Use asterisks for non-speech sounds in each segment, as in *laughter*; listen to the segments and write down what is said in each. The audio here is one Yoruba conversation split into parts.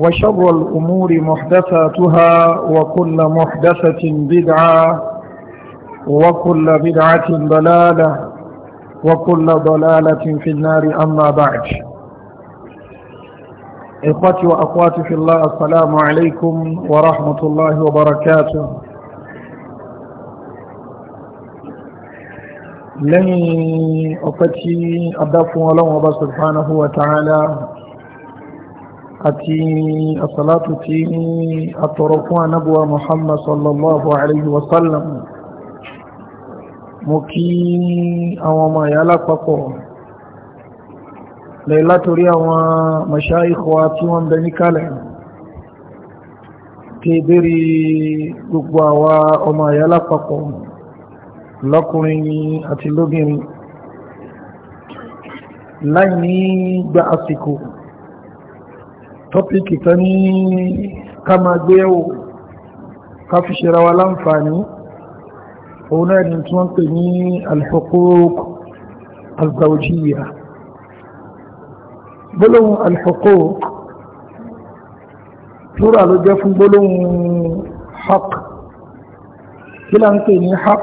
وشر الأمور محدثاتها وكل محدثة بدعة وكل بدعة ضلالة وكل ضلالة في النار أما بعد إخوتي وأخواتي في الله السلام عليكم ورحمة الله وبركاته لن أفتي أدفع الله سبحانه وتعالى àti àsàlátù tí àtọ̀rọ̀ fún anábúwa muhammad sallallahu alayhi wa sallam mo kí àwọn ọmọ ìyá lápapọ̀ lè látorí àwọn mashayikh wa tí wọ́n bẹ ní kalẹ̀ tí ìbéèrè gbogbo àwa ọmọ ìyá lápapọ̀ lọ́kùnrin àti lóbìnrin láì ní gba àsìkò tọ́píkì kan ní ká máa gbé ẹ̀wò ká fi ṣe ra wa láǹfààní òun náà ni tí wọ́n pè ní al-huquq al-zawjiyya gbólóhùn al ló jẹ́ fún gbólóhùn haq kí là ń pè ní haq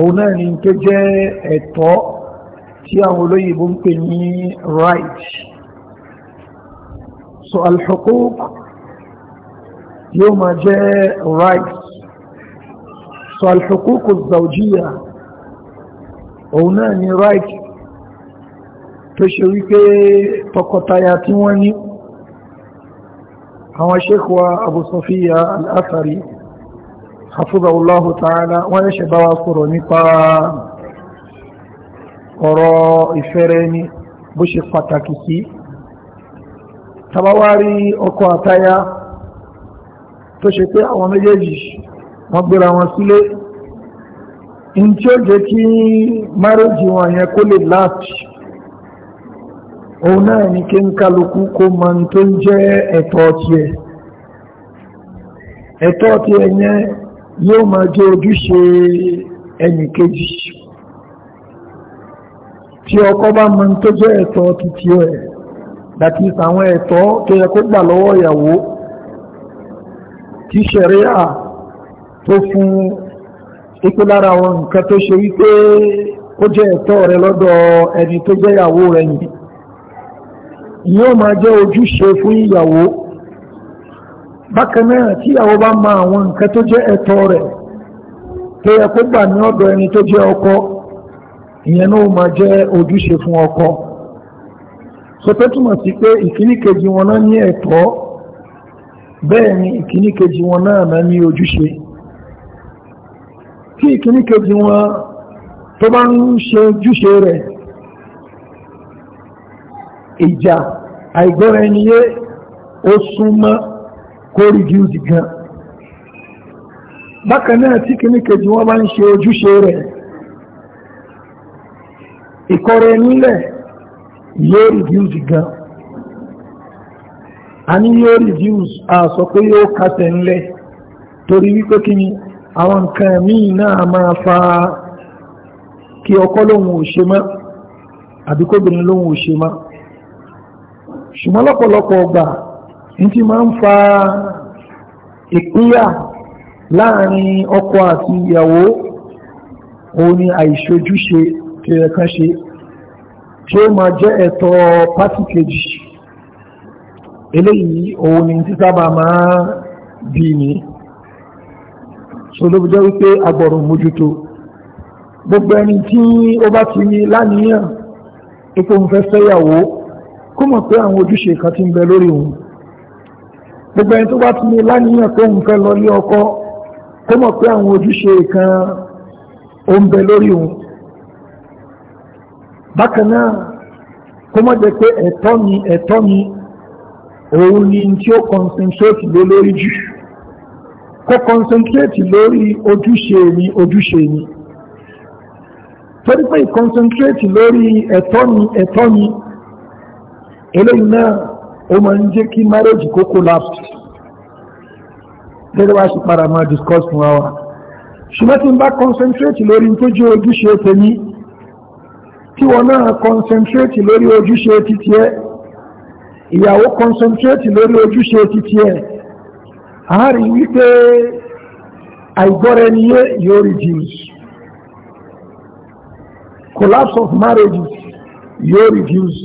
òun náà ni tó jẹ́ ẹ̀tọ́ tí àwọn olóyìnbó ń pè ní right so al-huquq yóò máa jẹ́ rights so al-huquq az-zawjiyya ni rights tó ṣe wípé tọkọtaya tí wọ́n ní àwọn ṣékùwa Abu Sofiya al-Athari hafizahullahu ta'ala wọ́n yẹ́ ṣe bá wa sọ̀rọ̀ nípa ọ̀rọ̀ ìfẹ́rẹ́ ni bó ṣe pàtàkì sí tabawari ọkọ àtaya tó ṣe pé àwọn méjèèjì wọ́n gbéra wọn sílé in tí ó jẹ́ kí márùjì wọn yẹn kó lè láti òun náà ní kí n kálukú kó mọ tó ń jẹ́ ẹ̀tọ́ tiẹ̀ ẹ̀tọ́ tiẹ̀ yẹn yóò máa jẹ́ ojúṣe ẹnì kejì tí ọkọ bá mọ tó jẹ́ ẹ̀tọ́ titi ẹ̀ dàtí àwọn ẹ̀tọ́ tó yẹ kó gbà lọ́wọ́ ìyàwó tí ṣẹ̀ríà tó fún ipé lára àwọn nǹkan tó ṣe wípé ó jẹ́ ẹ̀tọ́ rẹ lọ́dọ̀ ẹni tó jẹ́ ìyàwó rẹ yìí yóò máa jẹ́ ojúṣe fún ìyàwó bákan náà tí ìyàwó bá mọ àwọn nǹkan tó jẹ́ ẹ̀tọ́ rẹ̀ tó yẹ kó gbà ní ọ̀dọ̀ ẹni tó jẹ́ ọkọ ìyẹn náà máa jẹ́ ojúṣe fún ọkọ sọtẹ́ túmọ̀ sí pé ìkíní kejì wọn náà ní ẹ̀tọ́ bẹ́ẹ̀ ni ìkíní kejì wọn náà náà ní ojúṣe tí ìkíní kejì wọn tó bá ń ṣe ojúṣe rẹ̀ ìjà àìgbọ́ra ẹniyé ó súnmọ́ kó rí gíúdì gan bákan náà tí ìkíní kejì wọn bá ń ṣe ojúṣe rẹ̀ ìkọrẹ nílẹ̀ yóò reduce gan a ní yóò reduce a sọ pé yóò kásẹ̀ ńlẹ̀ torí wípé kí ni àwọn nǹkan míì náà máa fa kí ọkọ lóhun ò ṣe mọ́ àbí lóhun ò ṣe mọ́ ṣùgbọ́n lọ́pọ̀lọpọ̀ ọgbà ní ti máa ń fa ìpínyà láàrin ọkọ àti ìyàwó òun ni àìṣojúṣe tí ó máa jẹ́ ẹ̀tọ́ pátì kejì eléyìí òun ni títà bá máa bí ní ṣolóbi jẹ́ wípé agbọ̀rọ̀ mójútó gbogbo ẹni tí ó bá ti ní láníyàn ipò ń fẹ́ fẹ́yàwó kó mọ̀ pé àwọn ojúṣe kan ti ń bẹ lórí òun gbogbo ẹni tó bá ti ní láníyàn pé òun fẹ́ lọ lé ọkọ kó mọ̀ pé àwọn ojúṣe kan ó ń bẹ lórí òun bákan náà kó mọ́ jẹ́ pé ẹ̀tọ́ mi ẹ̀tọ́ mi òun ni tí ó concentrate lé lórí jù kó concentrate lórí ojúṣe mi ojúṣe mi torí pé concentrate lórí ẹ̀tọ́ mi ẹ̀tọ́ mi eléyìí náà ó máa ń jẹ́ kí marriage kó collapse gẹ́gẹ́ bá ṣe padà máa discuss fún wa wa ṣùgbọ́n tí n bá concentrate lórí tó jẹ́ ojúṣe tèmi tí wọ́n náà concentrate lórí ojúṣe títí ẹ ìyàwó concentrate lórí ojúṣe títí ẹ àárín wípé àìgbọ́rẹniyé yóò reduce collapse of marriages yóò reduce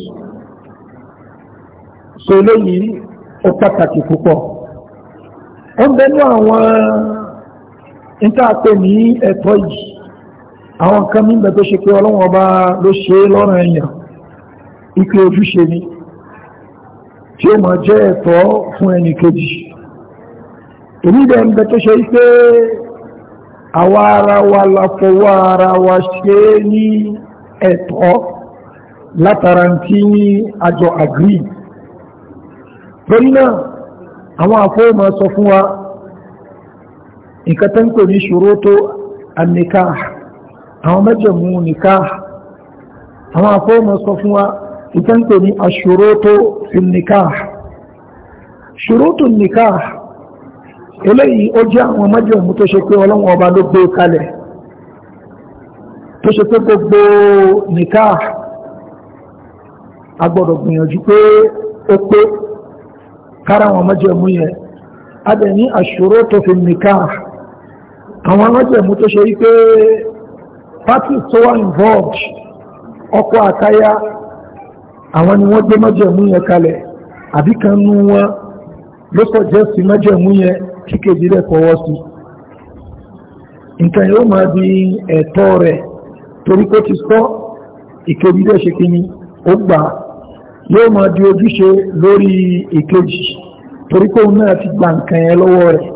so eléyìí ó pàtàkì púpọ̀ ó ń àwọn ìtàpẹ ní ẹ̀tọ́ yìí àwọn nǹkan mímẹ̀ tó ṣe pé ọlọ́wọ́n ọba ló ṣe lọ́nà èèyàn ike ojúṣe ni tí ó máa jẹ́ ẹ̀tọ́ fún ẹnì kejì èmi dẹ̀ ń tó ṣe pé àwa ara wa la fọwọ́ ara wa ṣe ní ẹ̀tọ́ látara tí àjọ agree torí àwọn àfọwọ́ máa sọ fún wa nǹkan ń pè ní ṣòro tó annikah àwọn mẹ́jẹ̀mú nìká àwọn afọ́mọ̀ sọ fún wa ìtẹ́ntò ní aṣòrótó fi nìká ṣòrótó nìká eléyìí ó jẹ́ àwọn mẹ́jẹ̀mú tó ṣe pé ọlọ́wọ́n ọba ló gbé e kalẹ̀ tó ṣe pé gbogbo nìká a gbọ́dọ̀ gbìyànjú pé ó pé kára àwọn mẹ́jẹ̀mú yẹn a dẹ̀ ní aṣòrótó fi nìká àwọn mẹ́jẹ̀mú tó ṣe wípé parties tó wà involved ọkọ àtaya àwọn ni wọ́n gbé májẹ̀mú yẹn kalẹ̀ àbí kan nú wọn ló sọ jẹ́ sí májẹ̀mú yẹn kíkejì rẹ̀ fọwọ́ sí nǹkan yóò máa di ẹ̀tọ́ rẹ̀ torí kó ti sọ ìkejì rẹ̀ ṣe kíní ó gbà yóò máa di ojúṣe lórí ìkejì torí kóun náà ti gba nǹkan yẹn lọ́wọ́ rẹ̀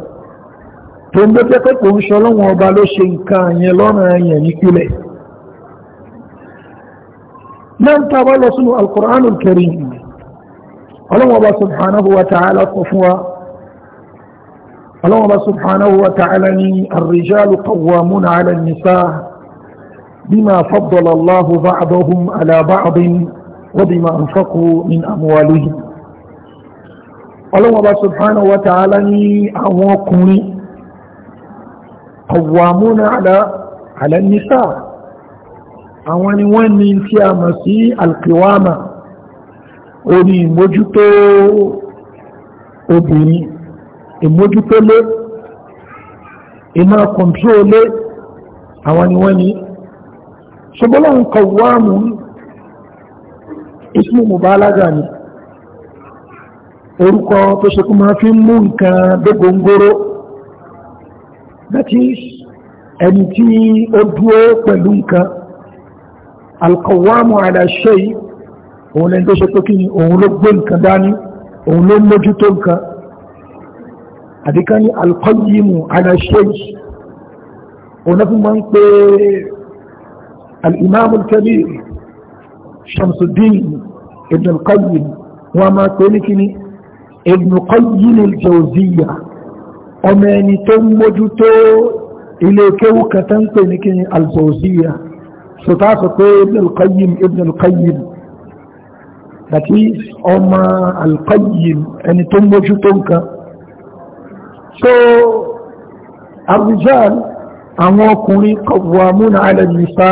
tó ń bó tẹ́kọ́ kò ń ṣe ọlọ́wọ́n ọba ló ṣe nǹkan yẹn lọ́nà yẹn nípìnlẹ̀ náà ń tàbá lọ sínú alkùránù karim ọlọ́wọ́n ọba subhanahu wa ta'ala sọ fún wa ọlọ́wọ́n ọba subhanahu wa ta'ala ní ar-rijalu qawwamuna 'ala an-nisaa bima faddala Allahu ba'dahum 'ala ba'din wa bima anfaqu min amwalihim ọlọ́wọ́n ọba subhanahu wa ta'ala ní àwọn ọkùnrin قوامون على على النساء. àwọn ni wọ́n ní tí a mọ̀ sí alkiwama orí ìmójútó obìnrin ìmójútó lé iná kọ̀ntró lé àwọn ni wọ́n ní ṣùgbọ́n qawwamu ismu mubalaga ni orúkọ tó ṣe kú máa fi mú nǹkan dógóngóró that is ẹni tí ó dúró pẹ̀lú nǹkan alkawamu ala shay òun lẹ́ni tó ṣe pé kí ni òun ló gbé nǹkan dání òun ló mójútó nǹkan àdíká ní alkọ́yìmù ala shay òun náà fi máa ń pè al-imam al-kabir ọmọ ẹni tó ń mójútó ilé kéwú kàtà ń pè ní kí ni alfawziya so ta sọ pé ibn al-qayyim that is ọmọ al-qayyim ẹni tó ń mójútó nǹkan so abujal àwọn ọkùnrin qawwamuna ala nisa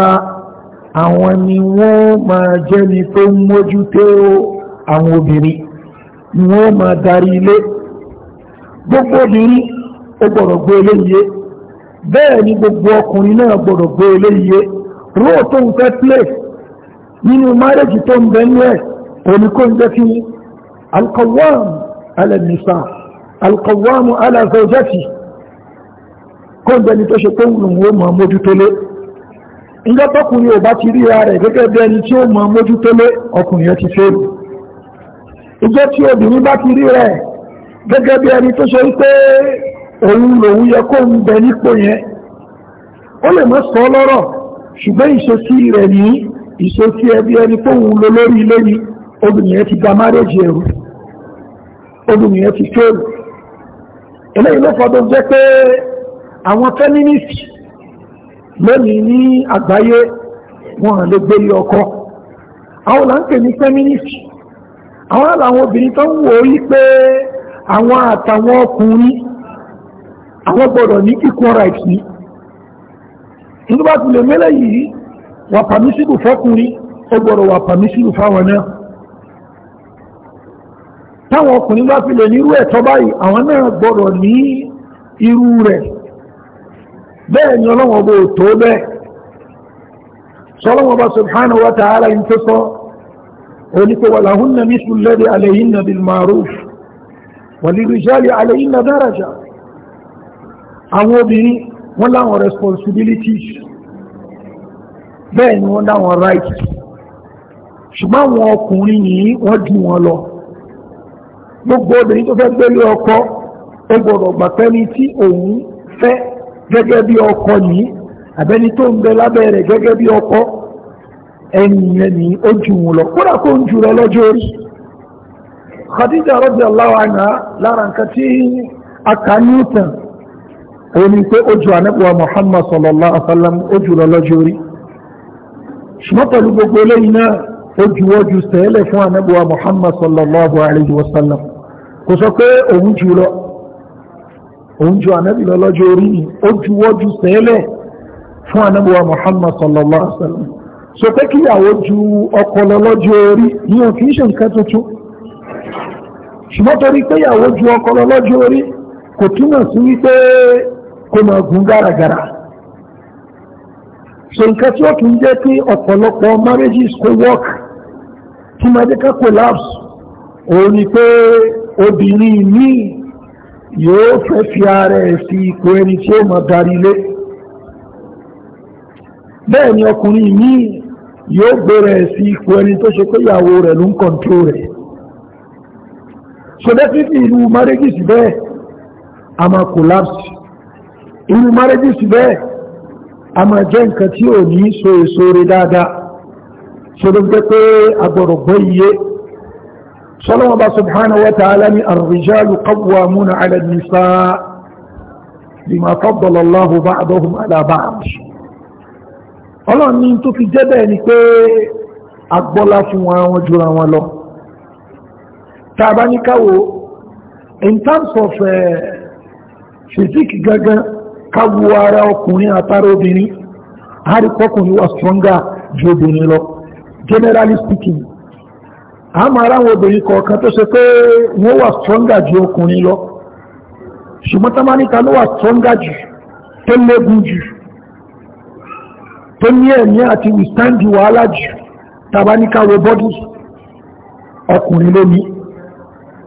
àwọn ni wọ́n máa jẹ́ ni tó ń mójútó àwọn obìnrin wọ́n máa darí ilé gbogbo obìnrin ó gbọ́dọ̀ gbé eléyìí bẹ́ẹ̀ ni gbogbo ọkùnrin náà gbọ́dọ̀ gbé eléyìí róò tó ń fẹ́ play nínú márẹ́jì tó ń bẹ ní ẹ̀ òní kó ń jẹ́ kí alkawam ala nisa alkawam ala zawjati kó ń bẹni tó ṣe pé òun ò mọ̀ mójútólé ìjọ tọkùnrin ò bá ti rí ara gẹ́gẹ́ bí ẹni tí ó mọ̀ mójútólé ọkùnrin ẹ ti fẹ́rù ìjọ tí obìnrin bá ti rí rẹ̀ gẹ́gẹ́ bí ẹni tó ṣe wípé òun lòun yẹ kó ń bẹ nípò yẹn ó lè mọ́ sọ lọ́rọ̀ ṣùgbọ́n ìṣesí rẹ̀ ní ìṣesí ẹbí ẹni tóun lo lórí ilé ni obìnrin ti gba márẹ́jì ẹ̀rù obìnrin ti fẹ́rù eléyìí ló fọdún jẹ́ pé àwọn feminist lónìí ní àgbáyé wọn lè gbé ọkọ àwọn ní feminist àwọn làwọn obìnrin tó ń wò àwọn gbọ́dọ̀ ní equal rights ní nígbà bá tilẹ̀ mẹ́lẹ̀ yìí wà pàmísìlù fọ́kùnrin ó gbọ́dọ̀ wà pàmísìlù fáwọn náà táwọn ọkùnrin bá fi lè nírú ẹ̀tọ́ báyìí àwọn náà gbọ́dọ̀ ní irú rẹ̀ bẹ́ẹ̀ ni ọlọ́wọ́n bó tó bẹ́ẹ̀ sọlọ́wọ́n bá subhanahu wa ta'ala ń tó sọ onípe wà láhùn náà mísùlẹ́dẹ̀ alayhinna bil ma'ruf wa lirijali alayhinna daraja àwọn obìnrin wọ́n láwọn responsibilities bẹ́ẹ̀ ni wọ́n láwọn rights ṣùgbọ́n àwọn ọkùnrin yìí wọ́n jù wọn lọ gbogbo obìnrin tó fẹ́ gbélé ọkọ ó gbọ́dọ̀ gbàpẹ́ ni tí òun fẹ́ gẹ́gẹ́ bí ọkọ yìí àbẹ́ni tó ń bẹ lábẹ́ rẹ̀ gẹ́gẹ́ bí ọkọ ẹni yẹn ni ó jù wọn lọ kódà kó ń jù rẹ lọ́jọ́ orí Khadija radiyallahu anha lára nǹkan tí a kà ní ìtàn òun ni pé ó ju ànábùwà Muhammad sallallahu alaihi wa sallam ó jù lọ lọ́jọ́ orí ṣùgbọ́n pẹ̀lú gbogbo eléyìí náà ó juwọ́jú sẹ́lẹ̀ fún ànábùwà Muhammad sallallahu alaihi wa sallam kò sọ pé òun jù lọ òun ju ànábì lọ lọ́jọ́ orí ni ó juwọ́jú sẹ́lẹ̀ fún ànábùwà Muhammad sallallahu alaihi wa sallam sọ pé kíyàwó ju ọkọ lọ lọ́jọ́ orí ní òfin ṣe nǹkan tuntun ṣùgbọ́n torí pé ìyàwó ju ọkọ lọ lọ́jọ́ kò túmọ̀ sí wípé kó máa gún gàràgàrà so nǹkan tí ó kì í jẹ́ kí ọ̀pọ̀lọpọ̀ marriages kó work tí medical collapse òun ni pé obìnrin míì yóò fẹ́ fi ara ẹ̀ fi ipò ẹni tí ó máa darí lé bẹ́ẹ̀ ni ọkùnrin míì yóò gbèrè sí ipò ẹni tó ṣe pé ìyàwó rẹ̀ ló ń kọ̀ǹtró rẹ̀ so definitely ìlú marriages bẹ́ẹ̀ a máa collapse irú márẹ́jìsì bẹ́ẹ̀ a máa jẹ́ nǹkan tí ò ní so èso rẹ̀ dáadáa so ló jẹ́ pé agbọ̀rọ̀ gbọ́ iye sọ́lọ́wọ́ bá subhanahu wa ta'ala ni ar-rijalu qawwamuna 'ala an-nisaa bima faddala Allahu ba'dahum 'ala ba'd ọlọ́run ní tó fi jẹ́ bẹ́ẹ̀ ni pé agbọ́lá fún wọn jura wọn lọ tá a bá ní in terms of uh, physique gangan káwo ara ọkùnrin àtàrà obìnrin àríkọkùnrin wà stronger ju obìnrin lọ generally speaking a máa ráwọn obìnrin kọ̀ọ̀kan tó ṣe pé wọ́n wà stronger ju ọkùnrin lọ ṣùgbọ́n tá máa níta ló wà stronger jù tó légun jù tó ní ẹ̀mí àti withstand wàhálà jù tàbá ní káwo bọ́dì ọkùnrin ló ní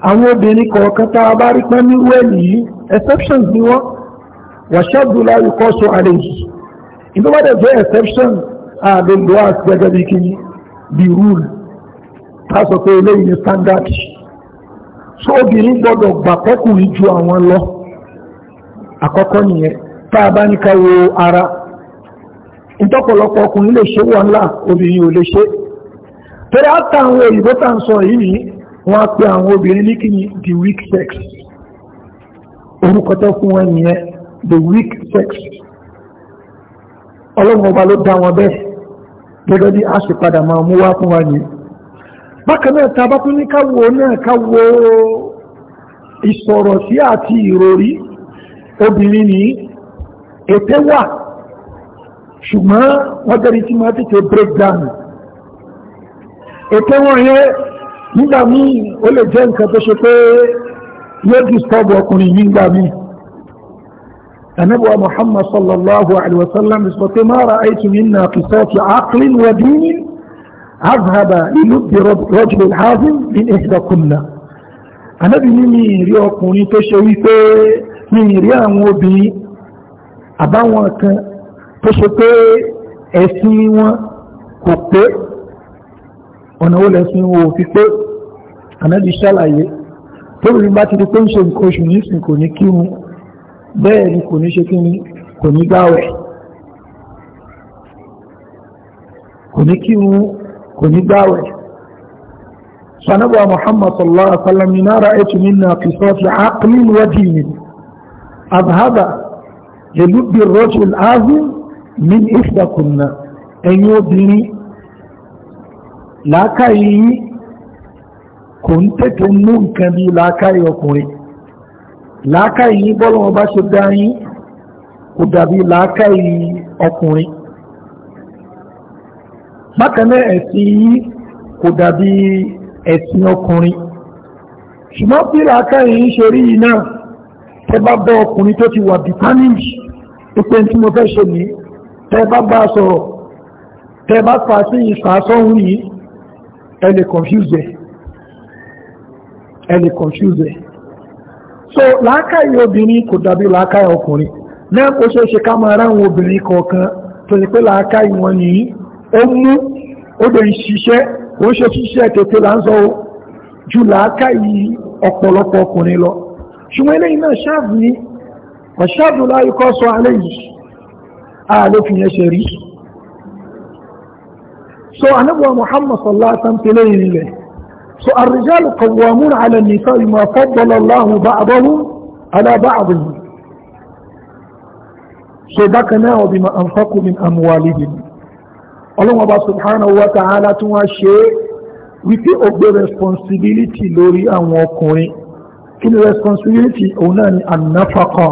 àwọn obìnrin kọ̀ọ̀kan tá a bá rí pẹ́ nírú ẹ̀ nìyí exceptions ni wọ́n wàṣáàdù láyé kọ́ sọ àlẹ́ yìí inú bá dẹ̀ jẹ́ exception ààbẹ̀ lọ àti gẹ́gẹ́ bí kí bí rule tásọ pé eléyìí ni standard so obìnrin gbọ́dọ̀ gbà pọ́kùnrin ju àwọn lọ àkọ́kọ́ nìyẹn tá a bá ní ká ara ìtọ́pọ̀lọpọ̀ ọkùnrin lè ṣe wà ńlá obìnrin ò lè ṣe torí àtà àwọn òyìnbó tá à ń sọ yìí wọ́n á pe àwọn obìnrin ní kí ni the weak sex orúkọ tó fún wọn nìyẹn the weak sex ọlọ́run ọba ló dá wọn bẹ́ẹ̀ gẹ́gẹ́ bí a ṣe padà máa mú wá fún wa ní bákan náà ta bá tún ní káwo náà káwo ìsọ̀rọ̀ sí àti ìròrí obìnrin ní ètè wà ṣùgbọ́n wọ́n jẹ́rí tí máa tètè break down ètè wọ́n yẹ nígbà míì ó lè jẹ́ nǹkan tó ṣe pé yóò disturb ọkùnrin nígbà míì النبوة محمد صلى الله عليه وسلم يقول ما رأيت من ناقصات عقل ودين أذهب للب رجل العازم من إحداكم النبي مين ريوكوني تشويك مين ريامو بي أباوان كان تشوكي أسيوان كوكي ونقول أسيوان وفيكي النبي شالعي تقول لي باتي دي كونشن كوشن يسن كوني كيمو bẹ́ẹ̀ ni kò ní ṣe kí ni kò ní gbáwẹ̀ kò ní kí wọn kò ní gbáwẹ̀ sanabuwa muhammad sallallahu alaihi wasallam ni na ra'aytu minna fi sawti aqlin wa dinin azhaba lilubbi ar-rajul azim min ihdakunna ẹ̀yin obìnrin làákàyè kò ń tètè mú nǹkan bí làákàyè ọkùnrin làákàyè bọ́lọ́wọ́ bá ṣe dá yín kò dàbí làákàyè ọkùnrin bákan náà ẹ̀sìn yín kò dàbí ẹ̀sìn ọkùnrin ṣùgbọ́n bí làákàyè ń ṣe rí yìí náà tẹ́ bá bọ́ ọkùnrin tó ti wà bìtánìlì pípẹ́ tí mo fẹ́ ṣe nìí tẹ́ bá bá sọ̀rọ̀ tẹ́ bá fà sí ìfàsọ́hun yìí ẹ lè confuse ẹ lè confuse ẹ so làákàyè obìnrin kò dàbí làákàyè ọkùnrin náà ó ṣe é ṣe ká máa ráwọn obìnrin kọ̀ọ̀kan tó ní pé làákàyè wọn nìyí ó mú ó dẹ̀ ń ṣiṣẹ́ ó ṣe ṣiṣẹ́ tètè là ń sọ ju làákàyè ọ̀pọ̀lọpọ̀ ọkùnrin lọ ṣùgbọ́n eléyìí náà ṣáàbù ni ọ̀ṣáàbù láyé sọ alẹ́ yìí ààlẹ́ fi yẹn ṣe rí so anábọ̀ Muhammad sallallahu alaihi wa sallam so الرجال قوامون على النساء ما فضل الله بعضهم على بعض so bákan náà وبما أنفقوا من أموالهم ọlọ́wọ́n bá subhanahu wa ta'ala tí wọ́n ṣe wípé ó gbé responsibility lórí àwọn ọkùnrin kí ni responsibility òun náà ni ànáfàkọ́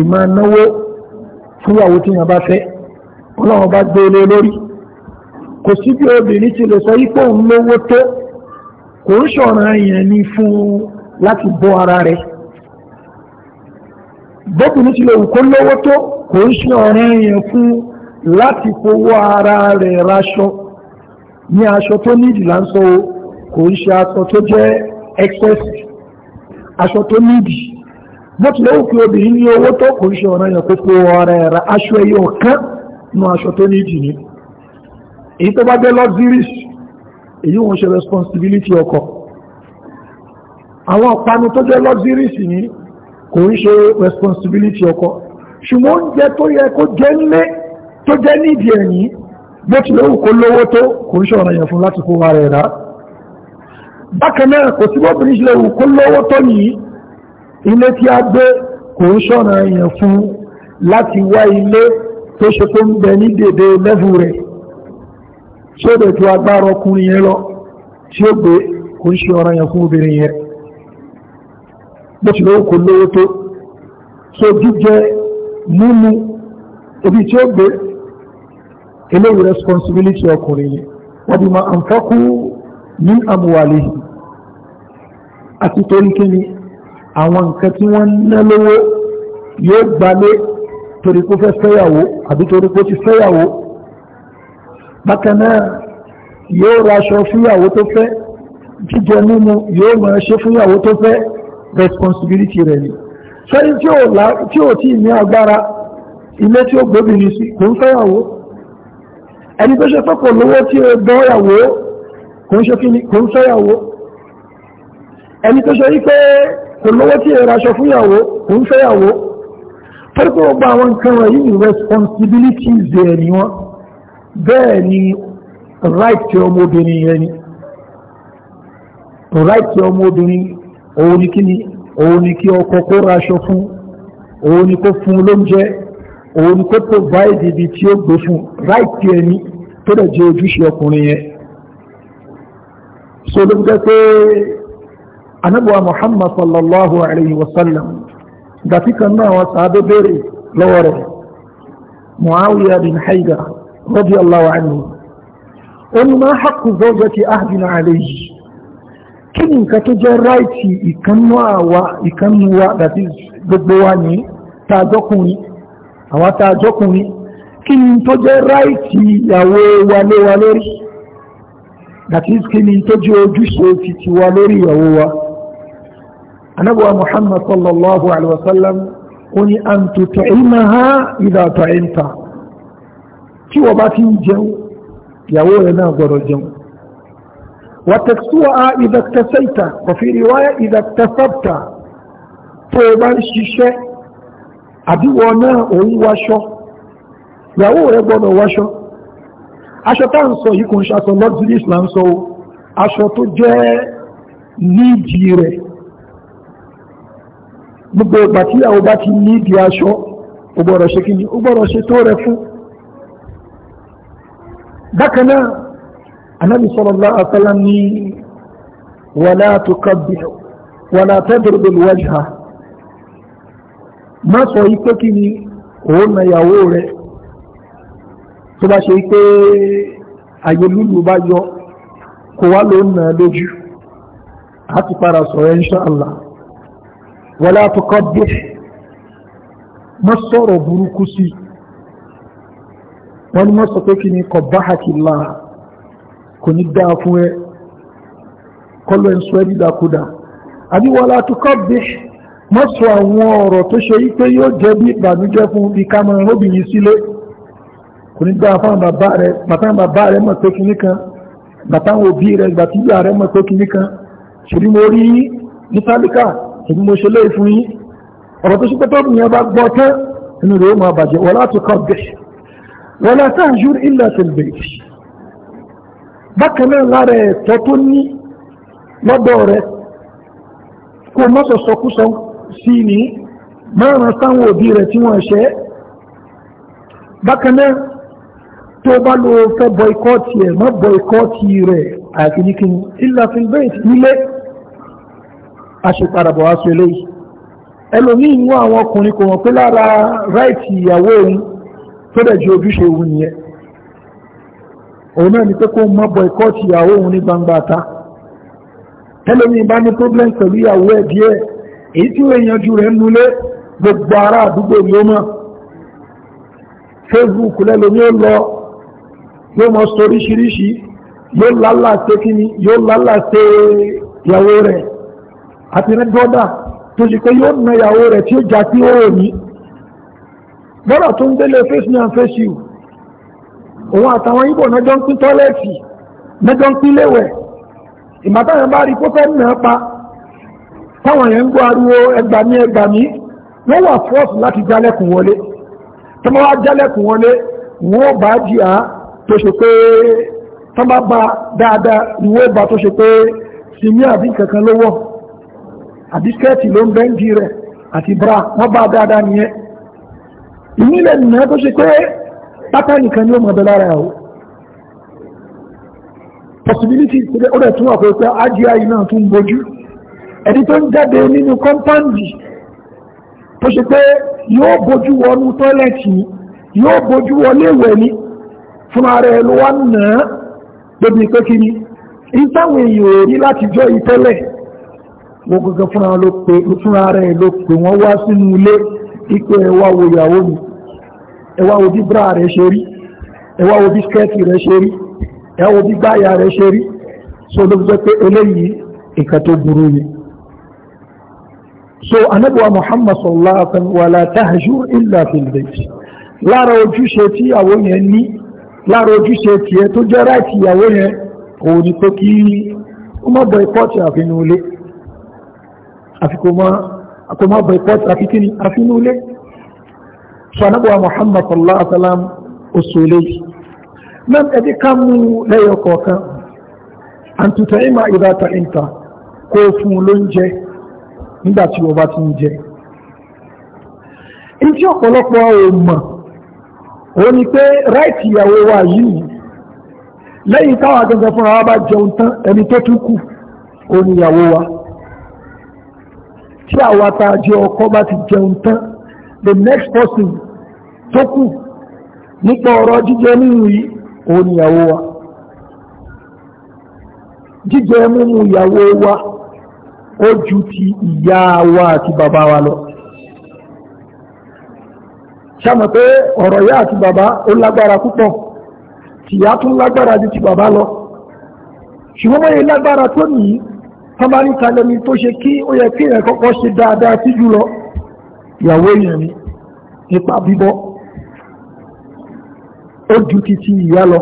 ìmọ̀ náwó fúnyàwó tí yàn bá fẹ́ ọlọ́wọ́n bá gbé lé lórí kò sí bí obìnrin ti lè sọ ipò òun lówó tó kò ń ṣọ̀ràn yẹn ni fún láti bọ́ ara rẹ̀ bọ́kùnrin ti lè wù kó lówó tó kò ń ṣọ̀ràn yẹn fún láti fowó ara rẹ̀ raṣọ ní aṣọ tó nídìí o. kò ń ṣe aṣọ tó jẹ́ excess aṣọ tó nídìí mọ́tìlẹ́wò kí obìnrin ní owó tó kò ń ṣe ọ̀nà yẹn kó kó ara ẹ̀rà aṣọ ẹyọ kan nú aṣọ tó nídìí ni. ní èyí tó bá jẹ́ luxuries èyí wọ́n ṣe responsibility ọkọ àwọn ọ̀pánu tó jẹ́ luxuries ní kò ń ṣe responsibility ọkọ ṣùgbọ́n oúnjẹ tó yẹ kó jẹ́ nílé tó jẹ́ nídìí ẹ̀yìn bó tilẹ̀ wù kó lówó tó kò ń ṣọ̀rọ̀ yẹn fún láti kó wa rẹ̀ rà bákan náà kò sí bóbìnrin ṣe lè wù kó lówó tó yìí ilé tí a gbé kò ń ṣọ̀rọ̀ yẹn fún láti wá ilé tó ṣe tó ń bẹ ní dèdè lẹ́vù rẹ̀ tí ó dẹ̀ ju agbára ọkùnrin yẹn lọ tí ó gbé kò ń ṣe ọ̀ràn yẹn fún obìnrin yẹn bó so jíjẹ mímu ebi tí ó gbé eléyìí responsibility ọkùnrin ni wọ́n bí ma ànfọ́kú ní àmúwalé àti torí kíni àwọn nǹkan tí wọ́n ná lówó bákan náà yóò raṣọ fúnyàwó tó fẹ́ jíjẹ mímu yóò máa ṣe fúnyàwó tó fẹ́ responsibility rẹ̀ ni sẹ́ni tí ò tí ì ní agbára ilé tí ó gbóbìnrin sí kò ń fẹ́yàwó ẹni tó ṣe fọ́pọ̀ lówó tí ó gbọ́yàwó kò ń ṣe kí ni kò ń fẹ́yàwó ẹni tó ṣe wípé kò lówó tí èrò aṣọ fúnyàwó kò ń fẹ́yàwó torí pé gba àwọn nǹkan wọ̀nyí responsibilities ẹ̀ ni wọ́n bẹ́ẹ̀ ni right ti ọmọbìnrin yẹn ni right ti ọmọbìnrin òun ni kíni òun ni kí ọkọ kó raṣọ fún òun ni kó fún lóúnjẹ òun ni kó provide ibi tí ó gbé fún right ti ẹni tó dẹ̀ jẹ́ ojúṣe ọkùnrin yẹn so ló ń jẹ́ pé anábọ̀wá Muhammad sallallahu alayhi wa sallam gàtí kan náà wọn sàábé béèrè lọ́wọ́ rẹ̀ Muawiya bin Haidar رضي الله عنه قل ما حق زوجة أحد عليه كن كتجر رايتي إكنوا وإكنوا that is gbogbo wa ni tàjọkùnrin àwọn tàjọkùnrin kí ni tó jẹ́ ráìtì ìyàwó wa lé wa lórí that is kí ni tó jẹ́ ojúṣe títí wa lórí ìyàwó wa anábọ̀wà Muhammad sallallahu alaihi wasallam ó ní an tut'imaha idha ta'imta tí wọ́n bá ti ń jẹun ìyàwó rẹ̀ náà gbọ́dọ̀ jẹun wàtẹ̀síwá ìdàkẹ́sẹ̀ta kọ̀fìrí wáyé ìdàkẹ́sẹ̀ta tó o bá ń ṣiṣẹ́ àbíwọ̀ náà òun wáṣọ ìyàwó rẹ̀ gbọ́dọ̀ wáṣọ aṣọ tá ń sọ yìí kò ń ṣaṣọ lọ́dún islam sọ o aṣọ tó jẹ́ nídìí rẹ̀ gbogbo ìgbà tíyàwó bá ti nídìí aṣọ ó gbọ́dọ̀ ṣe kí ni ó gbọ́dọ̀ ṣe tó rẹ̀ fún bákan náà anábì sallallahu alaihi wasallam ní wàlá tó kábìrì wàlá tadrib alwajha má sọ yí pé kí ni òun na ìyàwó rẹ̀ tó bá ṣe pé ayé lúlù bá yọ kò wá ló nà lójú àti para sọ̀rọ̀ insha Allah wàlá tó kábìrì má sọ̀rọ̀ burúkú sí i wọ́n ní mọ́sọ̀ pé kí ni kọ̀báhàkìlá kò ní dá fún ẹ kọlu ẹ̀ ń sọ ẹ́ dídàkudà àbí wàlá tó kọ́ bí mọ́sọ̀ àwọn ọ̀rọ̀ tó ṣe yí pé yóò jẹ́ bí ìbànújẹ́ fún bí ká máa róbìnrin sílé kò ní dá fáwọn bàbá rẹ bàtàwọn bàbá rẹ mọ̀ pé kíní kan bàtàwọn òbí rẹ gbàtíyà rẹ mọ̀ pé kíní kan ṣèlú mo rí ní tálíkà èmi mo ṣe lé fún yín ọ̀rọ̀ tó ṣe pé tó bìyàn bá gbọ́ tán inú rẹ̀ ó máa bàjẹ́ wàlá tó kọ́ bẹ́ẹ̀ ولا tahjur إلا في البيت. bákan náà lára ẹ̀tọ́ tó ní lọ́dọ̀ rẹ kó má sọ sọkúsọ sí ni márùn sáwọn òbí rẹ tí wọ́n ṣẹ́ bákan náà tó bá lo fẹ́ bọ́ikọ́ọ̀tì ẹ̀ má bọ́ikọ́ọ̀tì rẹ̀ àti nìkíni illa fil nílé aṣèpadàbọ̀ aṣọ eléyìí ẹlòmíì ń àwọn ọkùnrin kò wọ́n pé lára ráìtì ìyàwó òun tó dẹ̀ ju ojúṣe òun nìyẹn òun náà ni pé kó mọ́ boycott ìyàwó òun ní gbangba ta ẹlòmíì bá ní problem pẹ̀lú ìyàwó ẹ̀ díẹ̀ èyí tí ó yanjú rẹ̀ nulẹ̀ gbogbo ará àdúgbò ló mọ̀ facebook lẹ́lòmí ó lọ yóò mọ sọ oríṣiríṣi yóò lálàsẹ kíni yóò lálàsẹ ìyàwó rẹ̀ àti rẹ̀ dọ́dà tó ṣe pé yóò na ìyàwó rẹ̀ tí ó jà sí òòrùn bọ́rọ̀ tó ń délé face me and face you òun àtàwọn ibò nájọ́ ń pín tọ́lẹ́ẹ̀tì nájọ́ ń pín bá rí pópẹ́ náà pa táwọn yẹn ń gbọ́ ariwo ẹgbàmí ẹgbàmí wọ́n wà fọ́ọ̀sì láti jálẹ̀kùn wọlé wá jálẹ̀kùn wọlé wọ́n bá tó ṣe pé bá sinmi àbí kankan lówọ́ àbí skẹ́ẹ̀tì ló ń bẹ́ńdì bra wọ́n bá dáadáa ìmílẹ̀ nìyà tó ṣe pé pátá nìkan ni ó mọ̀ bẹ lára ẹ̀ o possibility ó dẹ̀ tún wà pé pé ájíáyì náà tún bójú ẹni tó ń jáde nínú kọ́ńpáǹdì tó ṣe pé yóò bójú wọnú tọ́lẹ̀tì ni yóò bójú wọlé ìwẹ̀ ni fún ara ẹ̀ ló wá nà á lóbi pé kí ni ìtàwọn èèyàn ò rí látijọ́ ìtẹ́lẹ̀ wọ́n gbogbo fúnra rẹ̀ ló pè wọ́n wá sínú ilé ipò ẹwà wo ìyàwó mi ẹwà wo bí bra rẹ̀ ṣe rí ẹwà wo bí skẹ́ẹ̀tì rẹ̀ ṣe rí ẹwà wo bí gbáyà rẹ̀ ṣe rí so ló fi jẹ́ pé eléyìí nǹkan tó burú ni so anabiwa muhammad sallallahu alaihi wa lára ojúṣe tí ìyàwó yẹn ní lára ojúṣe tiẹ̀ tó jẹ́ ráìtì ìyàwó yẹn òun ni pé kí ó má bọ àfihàn ilé àfikún máa kó ma boycott àfi kí ni àfi ní ilé sọ muhammad sallallahu alaihi wa sallam oṣù eléyìí náà ẹbí ká mú lẹ́yọ kọ̀ọ̀kan àǹtùtà ìmà ìdáta ìta kó fún un ló ń jẹ nígbà tí wọ́n bá ti ń jẹ ìtí ọ̀pọ̀lọpọ̀ ò mọ̀ òun ni tí àwọn àtàjẹ ọkọ bá ti jẹun tán the next person tó kù nípa ọ̀rọ̀ jíjẹ nínú yìí òun ìyàwó wa jíjẹ mímu ìyàwó wa ó ju ti ìyá wa àti bàbá wa lọ ṣàmọ̀ pé ọ̀rọ̀ ìyá àti bàbá ó lágbára púpọ̀ tìyá tún lágbára ju ti bàbá lọ ṣùgbọ́n mọ́ lágbára tó nìyí tọ́bá ní tàlẹ́mi tó ṣe kí ó yẹ kí ẹ̀kọ́ kọ́ ṣe dáadáa sí jùlọ ìyàwó èèyàn ni nípa bíbọ́ ó ju ti ti ìyá lọ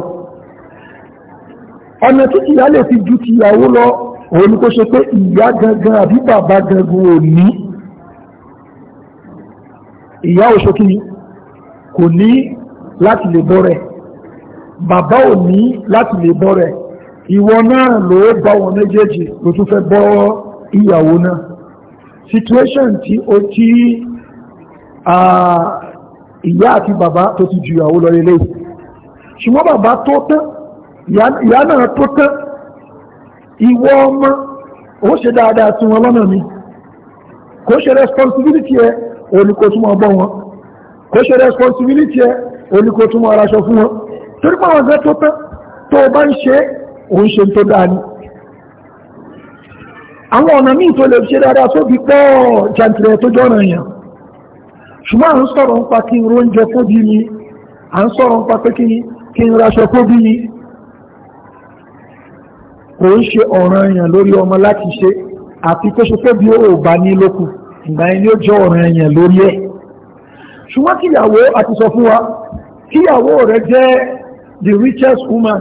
ọ̀nà tí ìyá lè fi ju ti ìyàwó lọ òun ni kó ṣe pé ìyá gangan àbí bàbá gangan ò ní ìyá òṣòkì kò ní láti lè bọ́ rẹ̀ bàbá ò ní láti lè bọ́ rẹ̀ ìwọ náà ló bá wọn méjèèjì ló tún fẹ́ bọ́ ìyàwó náà situation tí ó tí ìyá àti bàbá tó ti ju ìyàwó lọ ilé ṣùgbọ́n bàbá tó tán ìyá náà tó tán ìwọ ọmọ ó ṣe dáadáa tí wọn lọ́nà mi kò ṣe responsibility ẹ olùkó túnmọ̀ ọgbọ́ wọn kò ṣe responsibility ẹ olùkó túnmọ̀ aráṣọ fún wọn torí pàwọn ọ̀gá tó tán tó bá ń ṣe é òun ṣe tó dáa ni àwọn ọ̀nà míì tó lè ṣe dáadáa tó fi pọ́ jàǹtìrẹ tó jọ́nà èèyàn ṣùgbọ́n à ń sọ̀rọ̀ ń pa kí n róúnjẹ fóbi ni à ń sọ̀rọ̀ ń pa pé kí n raṣọ fóbi ni kò ń ṣe ọ̀ràn èèyàn lórí ọmọ láti ṣe àti tó ṣe fóbi ó bá ní lókù ìgbà yẹn ni ó jẹ́ ọ̀ràn èèyàn lórí ẹ̀ ṣùgbọ́n kíyàwó àti sọ fún wa kíyàwó rẹ̀ jẹ́ the richest woman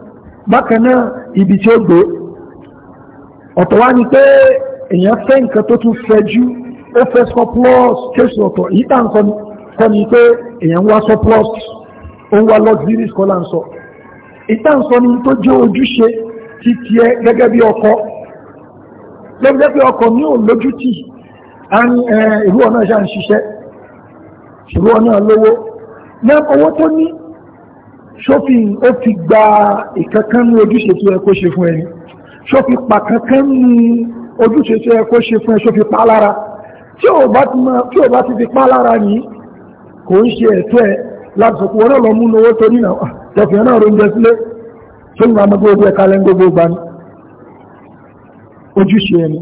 bákan náà ibi tí ó gbé ọ̀tọ̀ wá ni pé èèyàn fẹ́ nǹkan tó tún fẹ́ jù ó fẹ́ surplus kéṣù ọ̀tọ̀ èyí tá à ń sọ ni kọ́ ni pé èèyàn ń wá surplus ó ń wá luxury scholar ń sọ èyí tá à ń sọ ni tó jẹ́ ojúṣe ti tiẹ̀ gẹ́gẹ́ bí ọkọ lẹ́gbẹ́ pé ọkọ ní ò lójútì ìlú ọ̀nà ṣà ìlú ọ̀nà lówó náà owó tó ní ṣófin ó fi gba ìkankan ní ojúṣe tó yẹ kó ṣe fún ẹni ṣófin pa kankan ní ojúṣe tó yẹ kó ṣe fún ẹ ṣófin pa lára tí ò bá ti fi pa lára yìí kò ń ṣe ẹ̀tọ́ ẹ láti sọ pé lọ mú owó tó nínà tọ̀fìn ah, náà ronjẹ sílé tó ń gbàmọ́ gbogbo ẹ̀ka lẹ́nu gbogbo ni ojúṣe ẹni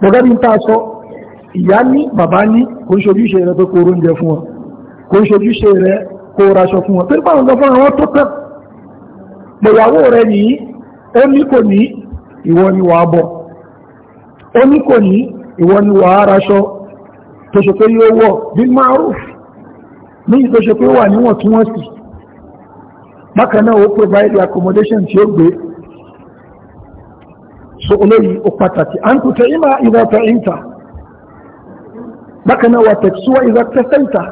gbọ́gẹ́ bí n ta sọ ìyá ní bàbá ní kò ń ṣojúṣe rẹ pé kò ronjẹ fún ọ kò ń ṣojúṣe rẹ kó raṣọ fún wọn torí pàrọ̀ fún àwọn tó kẹ́ pẹ̀yàwó rẹ̀ ní ó ní kò ní ìwọ ni wàá bọ̀ ó kò ní ìwọ ni wàá raṣọ tó ṣe pé yóò wọ̀ bí márùf ní ìtò ṣe pé wà níwọ̀ntúnwọ̀nsì bákan náà ó provide accommodation tí ó gbé so olóyìí ó pàtàkì à ń tún tẹ ìmọ̀ ìwọ̀ntẹ̀ ìta bákan náà wà tẹ̀síwá ìwọ̀ntẹ̀ sẹ́ńtà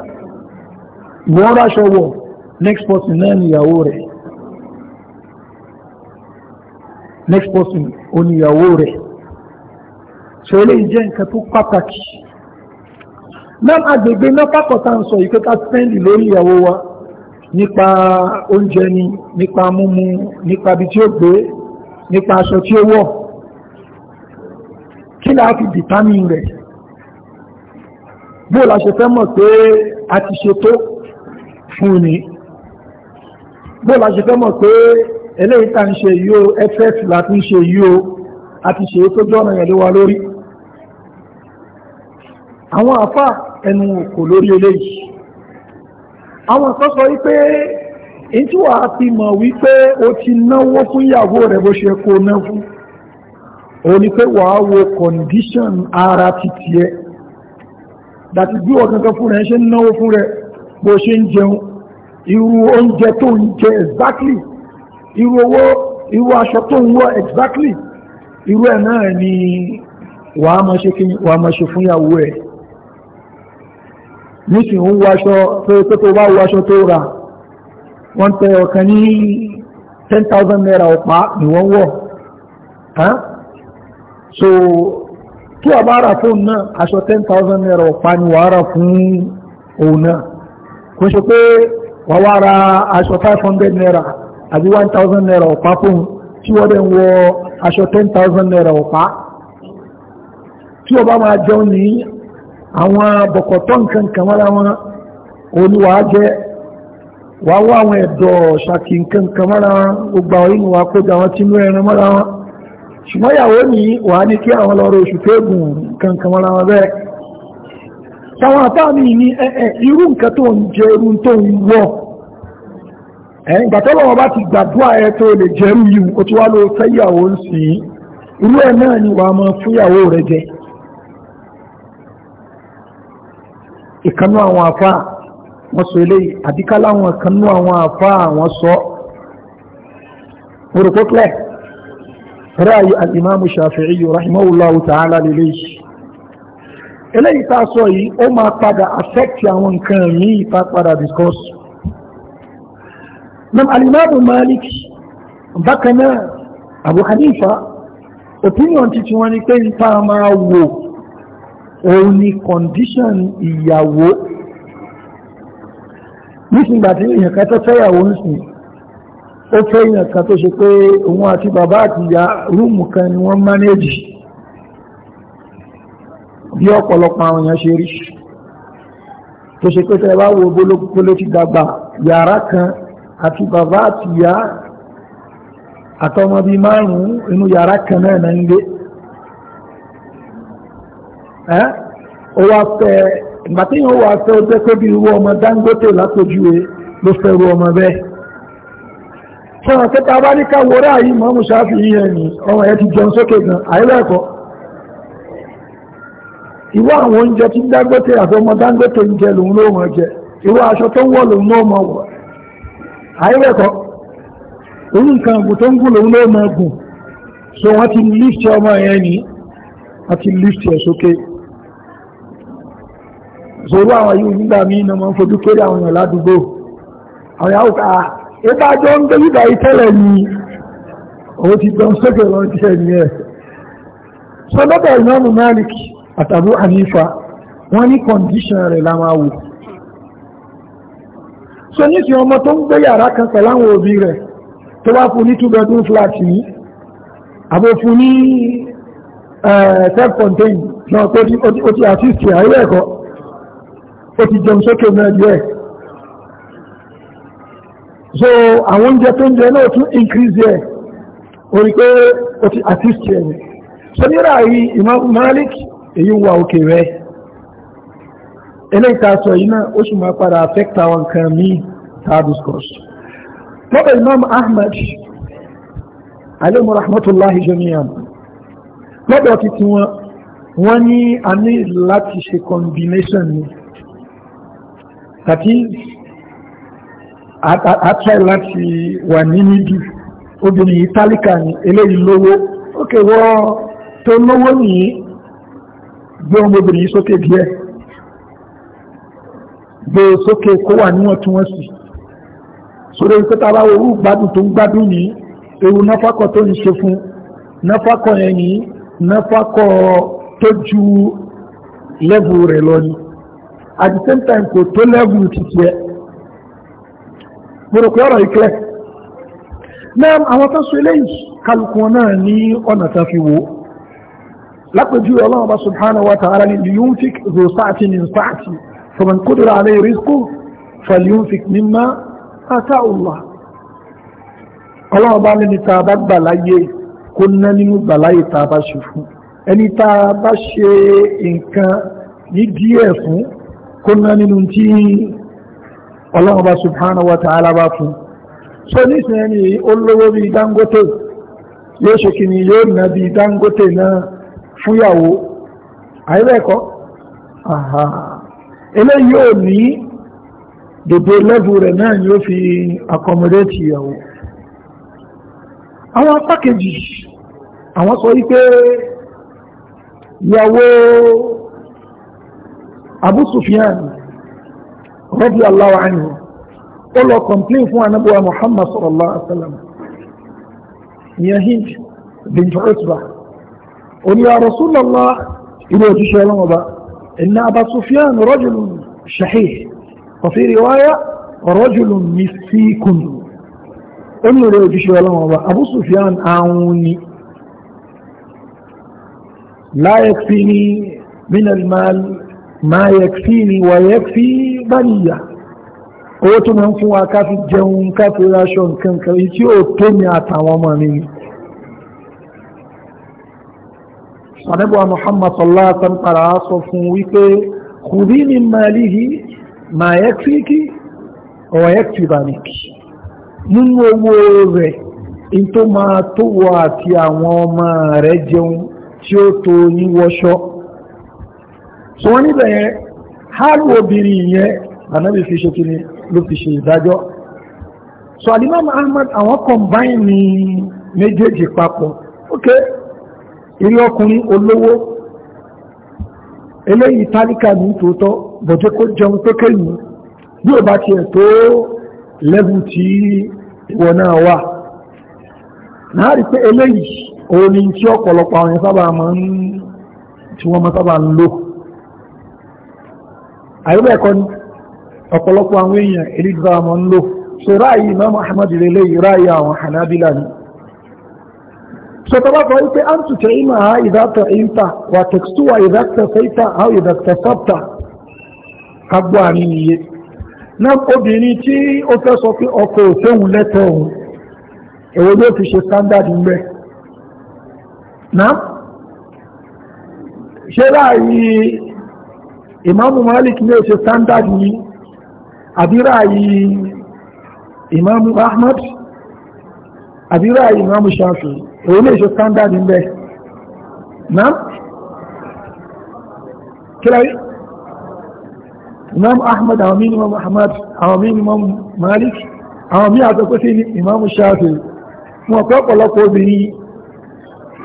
wọ́n ráṣọ wọ̀ next person náà ni ìyàwó rẹ̀ next person ó ni ìyàwó rẹ̀ ṣe ó lè jẹ́ nǹkan tó pàtàkì náà agbègbè náà pàkọ̀tà ń sọ ìpé ká spend lórí ìyàwó wa nípa oúnjẹ ni nípa múmu nípa ibi tí ó gbé nípa aṣọ tí ó wọ̀ kí láà fi determine rẹ̀ bóòlù àṣẹ fẹ́ mọ̀ pé a ti ṣe tó fún ni bó la ṣe fẹ́ mọ̀ pé eléyìí tá ń ṣe yìí o ff la ti ń ṣe yìí o a ti ṣe tó jọ́ ọ̀nà ìyàlẹ́wà lórí àwọn àfà ẹnu kò lórí eléyìí àwọn kan sọ wípé ètí wàá ti mọ̀ wípé o ti náwó fún ìyàwó rẹ̀ bó ṣe kó ná fún o ní pé wàá wo condition ara ti tiẹ̀ dàtí bí ọ̀kankan fún rẹ̀ ṣe náwó fún rẹ̀ bó ṣe ń jẹun irú oúnjẹ tó ń jẹ exactly irú owó irú aṣọ tó ń wọ exactly irú ẹ̀ náà ni wàá máa ṣe kí wàá máa ṣe fún ìyàwó ẹ̀ nísìnyí ń wọ aṣọ tó pé tó bá wọ aṣọ tó rà wọ́n tẹ ọ̀kan ní ten thousand naira ọ̀pá ni wọ́n wọ̀ so tí a bá rà fóònù náà aṣọ ten thousand naira ọ̀pá ni wàá rà fún òun náà kò ṣe pé wà wá ra aṣọ 500 naira àbí 1000 naira ọ̀pá fún tí wọ́n dẹ̀ ń wọ aṣọ 10000 naira ọ̀pá tí o bá máa jẹun ní àwọn bọ̀kọ̀tọ́ nǹkan kan mọ́ra wọn olúwa jẹ́ wà wá àwọn ẹ̀dọ̀ ṣàkì nǹkan kan mọ́ra wọn gbogbo àwọn inú wa kójọ àwọn tínú ẹran mọ́ra wọn ṣùgbọ́n ìyàwó ní wà ní kí àwọn lọ́rọ̀ oṣù tó táwọn àtàmì ní ẹ̀ẹ̀ irú nǹkan tó ń jẹ irú tó ń wọ́ ẹ̀yìn gbàtọ́lọ́wọ́ bá ti gbàdúrà ẹ tó lè jẹ́rú yìí o ti wá ló fẹ́yàwó ń sí irú ẹ̀ náà ni wàá máa fúyàwó rẹ jẹ ìkanú àwọn àfáà wọ́n sọ eléyìí àdíká láwọn ìkanú àwọn àfáà wọ́n sọ orúkọ clẹ̀ ráàyè al-Imam Shafi'i rahimahullahu ta'ala lélẹ́yìí eléyìí tá a sọ yìí ó máa padà affect àwọn nǹkan míì tá padà discuss. nam alimadu malik bákan náà abu hanifa opinion titi wọn ni pé nípa máa wò òun ni condition ìyàwó nísìnyìgbà tí èèyàn kan tó fẹ́yàwó nísìn ó fẹ́ èèyàn kan tó ṣe pé òun àti bàbá àti ìyá rúùmù kan ni wọ́n manage bí ọ̀pọ̀lọpọ̀ àwọn èèyàn ṣe rí tó ṣe pé tẹ́ bá wo bólókúkóló ti dàgbà yàrá kan àti bàbá àti ìyá àtọmọ bíi márùn-ún inú yàrá kan náà náà ń gbé ẹ́ ó wá fẹ́ ìgbà tí yóò wá fẹ́ ó jẹ́ bí irú ọmọ Dangote látòjúwe ló fẹ́ irú ọmọ bẹ́ẹ̀ sọ̀rọ̀ pé bá ní ká àyí mọ́mú ṣáfì yìí ọmọ ẹ ti jẹun sókè gan àyẹ́lẹ́kọ̀ọ́ ìwọ àwọn oúnjẹ tí Dangote àfọmọ Dangote ń jẹ lòun ló mọ jẹ ìwọ aṣọ tó wọ̀ lòun ló mọ wọ̀ àìrẹ̀kọ́ orí nǹkan àgùn tó ń gùn lòun ló mọ gùn so wọ́n ti lift ọmọ yẹn ni wọ́n ti lift ẹ̀ sókè zoro àwọn yìí nígbà míì náà máa ń fojú kéré àwọn èèyàn ládùúgbò àwọn yàwó ká ẹgbẹ́ àjọ ń gbé yíba yìí tẹ́lẹ̀ ni òun ti gbọ́n sókè lọ́n tiẹ̀ ni Malik àtàbú hanifa wọ́n ní kọ̀ǹdíṣàn rẹ̀ la máa wò so nísìnyí ọmọ tó ń gbé yàrá kan pẹ̀lú àwọn òbí rẹ̀ tó bá fún ní two bedroom flat ní àbò ní self-contained náà tó ó ti assist àríwẹ̀ ẹ̀kọ́ ó ti jẹun sókè mẹ́jọ ẹ̀ so àwọn oúnjẹ tó ń jẹ náà tún increase ẹ̀ orí pé ó ti assist ẹ̀ so níra yìí Malik èyí wà òkè rẹ̀ eléyìí tá a sọ yìí náà ó sì máa padà affect àwọn nǹkan míì tá a discuss imam ahmed alayhi rahmatulahi jamiyan lọ́dọ̀ títí wọn wọ́n ní a ní láti ṣe combination ni àti àtàì láti wà ní níbi obìnrin yìí ni eléyìí lówó ó kè wọ́n tó lówó nìyí gbé ọmọbìnrin yìí sókè díẹ̀ gbé e sókè kó wà níwọ̀ntúnwọ̀nsì sórí ikú tá a bá wọ́n gbádùn tó ń gbádùn ní ewu náfàkọ̀ tó ń ṣe fún náfàkọ̀ yẹn náfàkọ̀ tó ju lẹ́bù rẹ̀ lọ ni at the same time kò tó lẹ́bù títí ẹ̀ mo rò pé ọ̀rọ̀ ìkẹ́ náà àwọn tó so eléyìí kálukú náà ní ọ̀nà tá a fi wò ó lápẹjú ọlọ́run bá subhanahu wa ta'ala ni liyunfik zo sáàtì ní sáàtì faman kudura alẹ́ rizqu falyunfik mimma ata Allah ọlọ́run bá lẹ́ni tá a bá gbà láyé kó ná nínú gbà láyé tá a bá ṣe fún ẹni tá a bá ṣe nǹkan ní díẹ̀ fún kó ná nínú tí ọlọ́run bá subhanahu wa ta'ala bá fún so nísìnyẹn ni olówó bíi Dangote yóò ṣe kìnnì yóò ná bíi Dangote náà fúyàwó àìbẹ́ẹ̀kọ́ eléyìí ò ní dèdè lẹ́bù rẹ̀ náà yóò fi accommodate ìyàwó àwọn apá kejì àwọn sọ wípé ìyàwó Abu Sufyan radiyallahu anhu ó lọ fún anábọ́wà Muhammad sallallahu alaihi wasallam ìyẹn قل يا رسول الله إلى تشعر مضى إن أبا سفيان رجل شحيح وفي رواية رجل مسيك قل إلى تشعر مضى أبو سفيان أعوني لا يكفيني من المال ما يكفيني ويكفي بنيه owó tó máa ń fún wa ká fi jẹun ká fi raṣọ nǹkan kan èyí tí ó tó mi àtàwọn ọmọ mi ni sanabuwa muhammad sallallahu alaihi wasallam para sọ fún wípé kùdí ní màlìhì máa yẹ kíkì ọ̀wọ̀ yẹ kìbànìkì nínú owó rẹ̀ in tó máa tó wọ àti àwọn ọmọ rẹ̀ jẹun tí ó tó ní wọṣọ so wọ́n níbẹ̀ yẹn hálù obìnrin yẹn ànábì fi ṣe kí ló fi ṣe ìdájọ́ so alimami ahmad àwọn combine méjèèjì papọ̀ okay iri ọkùnrin olówó eléyìí tálíkà ní tòótọ́ bọ̀jẹ́ kó jẹun tó kẹ́yìn bí ò bá na tó lẹ́bù tí ìwọ náà wà náà rí pé eléyìí òun ni tí ọ̀pọ̀lọpọ̀ àwọn sábà máa ń tí wọ́n máa sábà ń lò àyíbẹ̀ẹ́kọ́ ni ọ̀pọ̀lọpọ̀ àwọn èèyàn eléyìí sábà máa ń lò so ráàyè Imam Ahmad so ta ba kawai sai an tuce ima ha idan ta inta wa textuwa idan ta saita ha idan ta sabta agbára nìyẹ náà obìnrin tí ó fẹ́ sọ pé ọkọ òfóhun lẹ́tọ̀ òun èwo ló fi ṣe standard rẹ̀ náà ṣé láàyè ìmáàmù Malik ni ó ṣe standard yìí àbí láàyè ìmáàmù Ahmad àbírà ìmáàmù ṣáàfì òun lè ṣe standard ń bẹ́ náà kíláyé imam ahmad àwọn mí imam ahmad àwọn mí malik àwọn mí àtọ́kọ́ sí ní imam ṣáàfì fún ọ̀pọ̀ ọ̀pọ̀lọpọ̀ obìnrin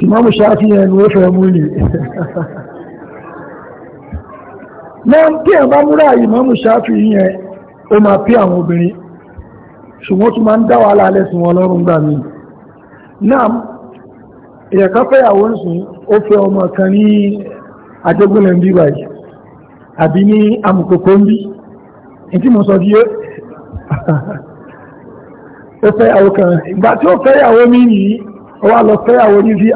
imam ṣáàfì yẹn ni ó fẹ́ mú ni náà kí ẹ̀ bá múra imam ṣáàfì yẹn ó máa pí àwọn obìnrin ṣùgbọ́n tó máa ń dá wàhálà alẹ́ sí wọn lọ́rùn gbà míì náà èyàn kan fẹ́yàwó ń sùn ó fẹ́ ọmọ kan ní ajégúnlẹ̀ ń bí báyìí àbí ní amùkòkò ń bí ní tí mo sọ bí ó fẹ́yàwó kan ìgbà tí ó fẹ́yàwó mi nìyí ó wá lọ fẹ́yàwó ní vi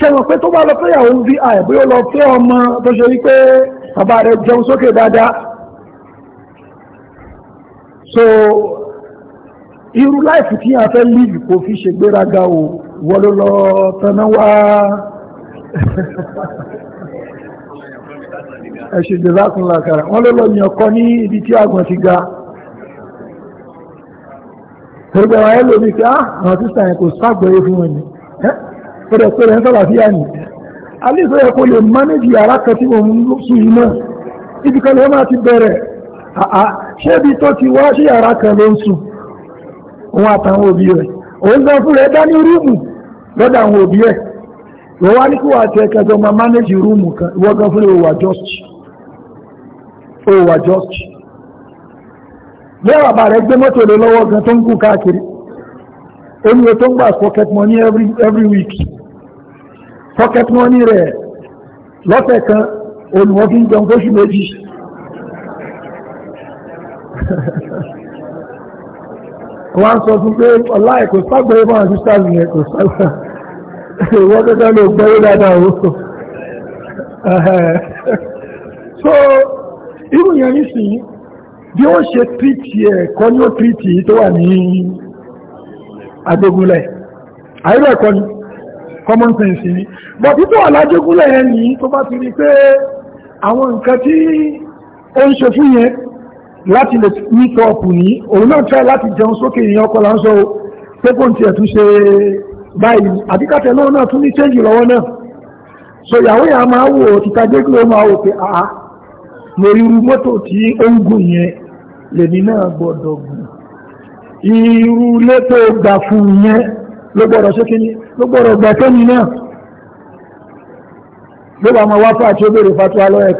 ṣẹ́wọ̀n pé tó bá lọ fẹ́yàwó ní vi bóyá lọ fẹ́ ọmọ tó ṣe wípé bàbá rẹ̀ jẹun sókè dáadáa so irú láìfù tí a fẹ́ líìfù kò fi ṣe gbéraga o wọlọlọ tanná wá ẹ̀ṣẹ̀ jẹ́lákùn lákàrà wọ́n ló lọ yàn kọ́ ní ibi tí àgbọ̀n ti ga pẹ̀lú àwọn ẹlòmí pé á ah, àwọn tí sàn kò ságbọ̀yé fún wọn ni pẹ̀lú pẹ̀lú ń sábà sí àní alẹ́ ìfẹ́ yẹ kó lè mánéjì arákẹ́ tí mo ń sùn yìí náà ibi kan lè máa ti bẹ̀rẹ̀ àá ah, ah, ṣébi tó ti wá sí yàrá kan ló ń sùn òun àtàwọn òbí rẹ̀ òun gan fún rẹ̀ dání rúùmù lọ́dọ̀ àwọn òbí ẹ̀ ló wá ní kí wà tẹ kẹjọ máa mánéjì rúùmù kan ìwọ gan fún rẹ̀ just òwà just rẹ̀ gbé mọ́tò lé lọ́wọ́ gan tó ń káàkiri tó ń gbà pocket money every, week pocket money rẹ̀ lọ́sẹ̀ kan olùwọ́n fi ń wọ́n sọ fún pé ọlá ẹ̀kọ́ sábẹ̀rẹ̀ máa ti sáàbì yẹn kò sábẹ̀rẹ̀ wọ́n gẹ́gẹ́ ló gbẹ́rẹ́ dáadáa ó *laughs* so irú yẹn nísìnyí bí ó ṣe tírìtì ẹ̀ kọ́ ní ó tírìtì tó wà ní common sense but títọ́ yẹn ní tó bá ti rí pé àwọn láti lè ní kọ́ọ̀pù ní òun náà tẹ́ láti jẹun sókè ní ọkọ̀ láńsọ pé kò tí ẹ̀ tún ṣe báyìí àdíkàtẹ̀ náà náà tún ní change lọ́wọ́ náà so ìyàwó yà máa wò títa dégbò máa wò pé àá lè irú mọ́tò tí ó ń gùn yẹn lèmi náà gbọ́dọ̀ gùn irú létò gbà fún yẹn ló gbọ́dọ̀ sókè ní ló gbọ́dọ̀ gbà fẹ́mi náà ló bá máa wá fún àti ó fatuwa lọ́yẹ̀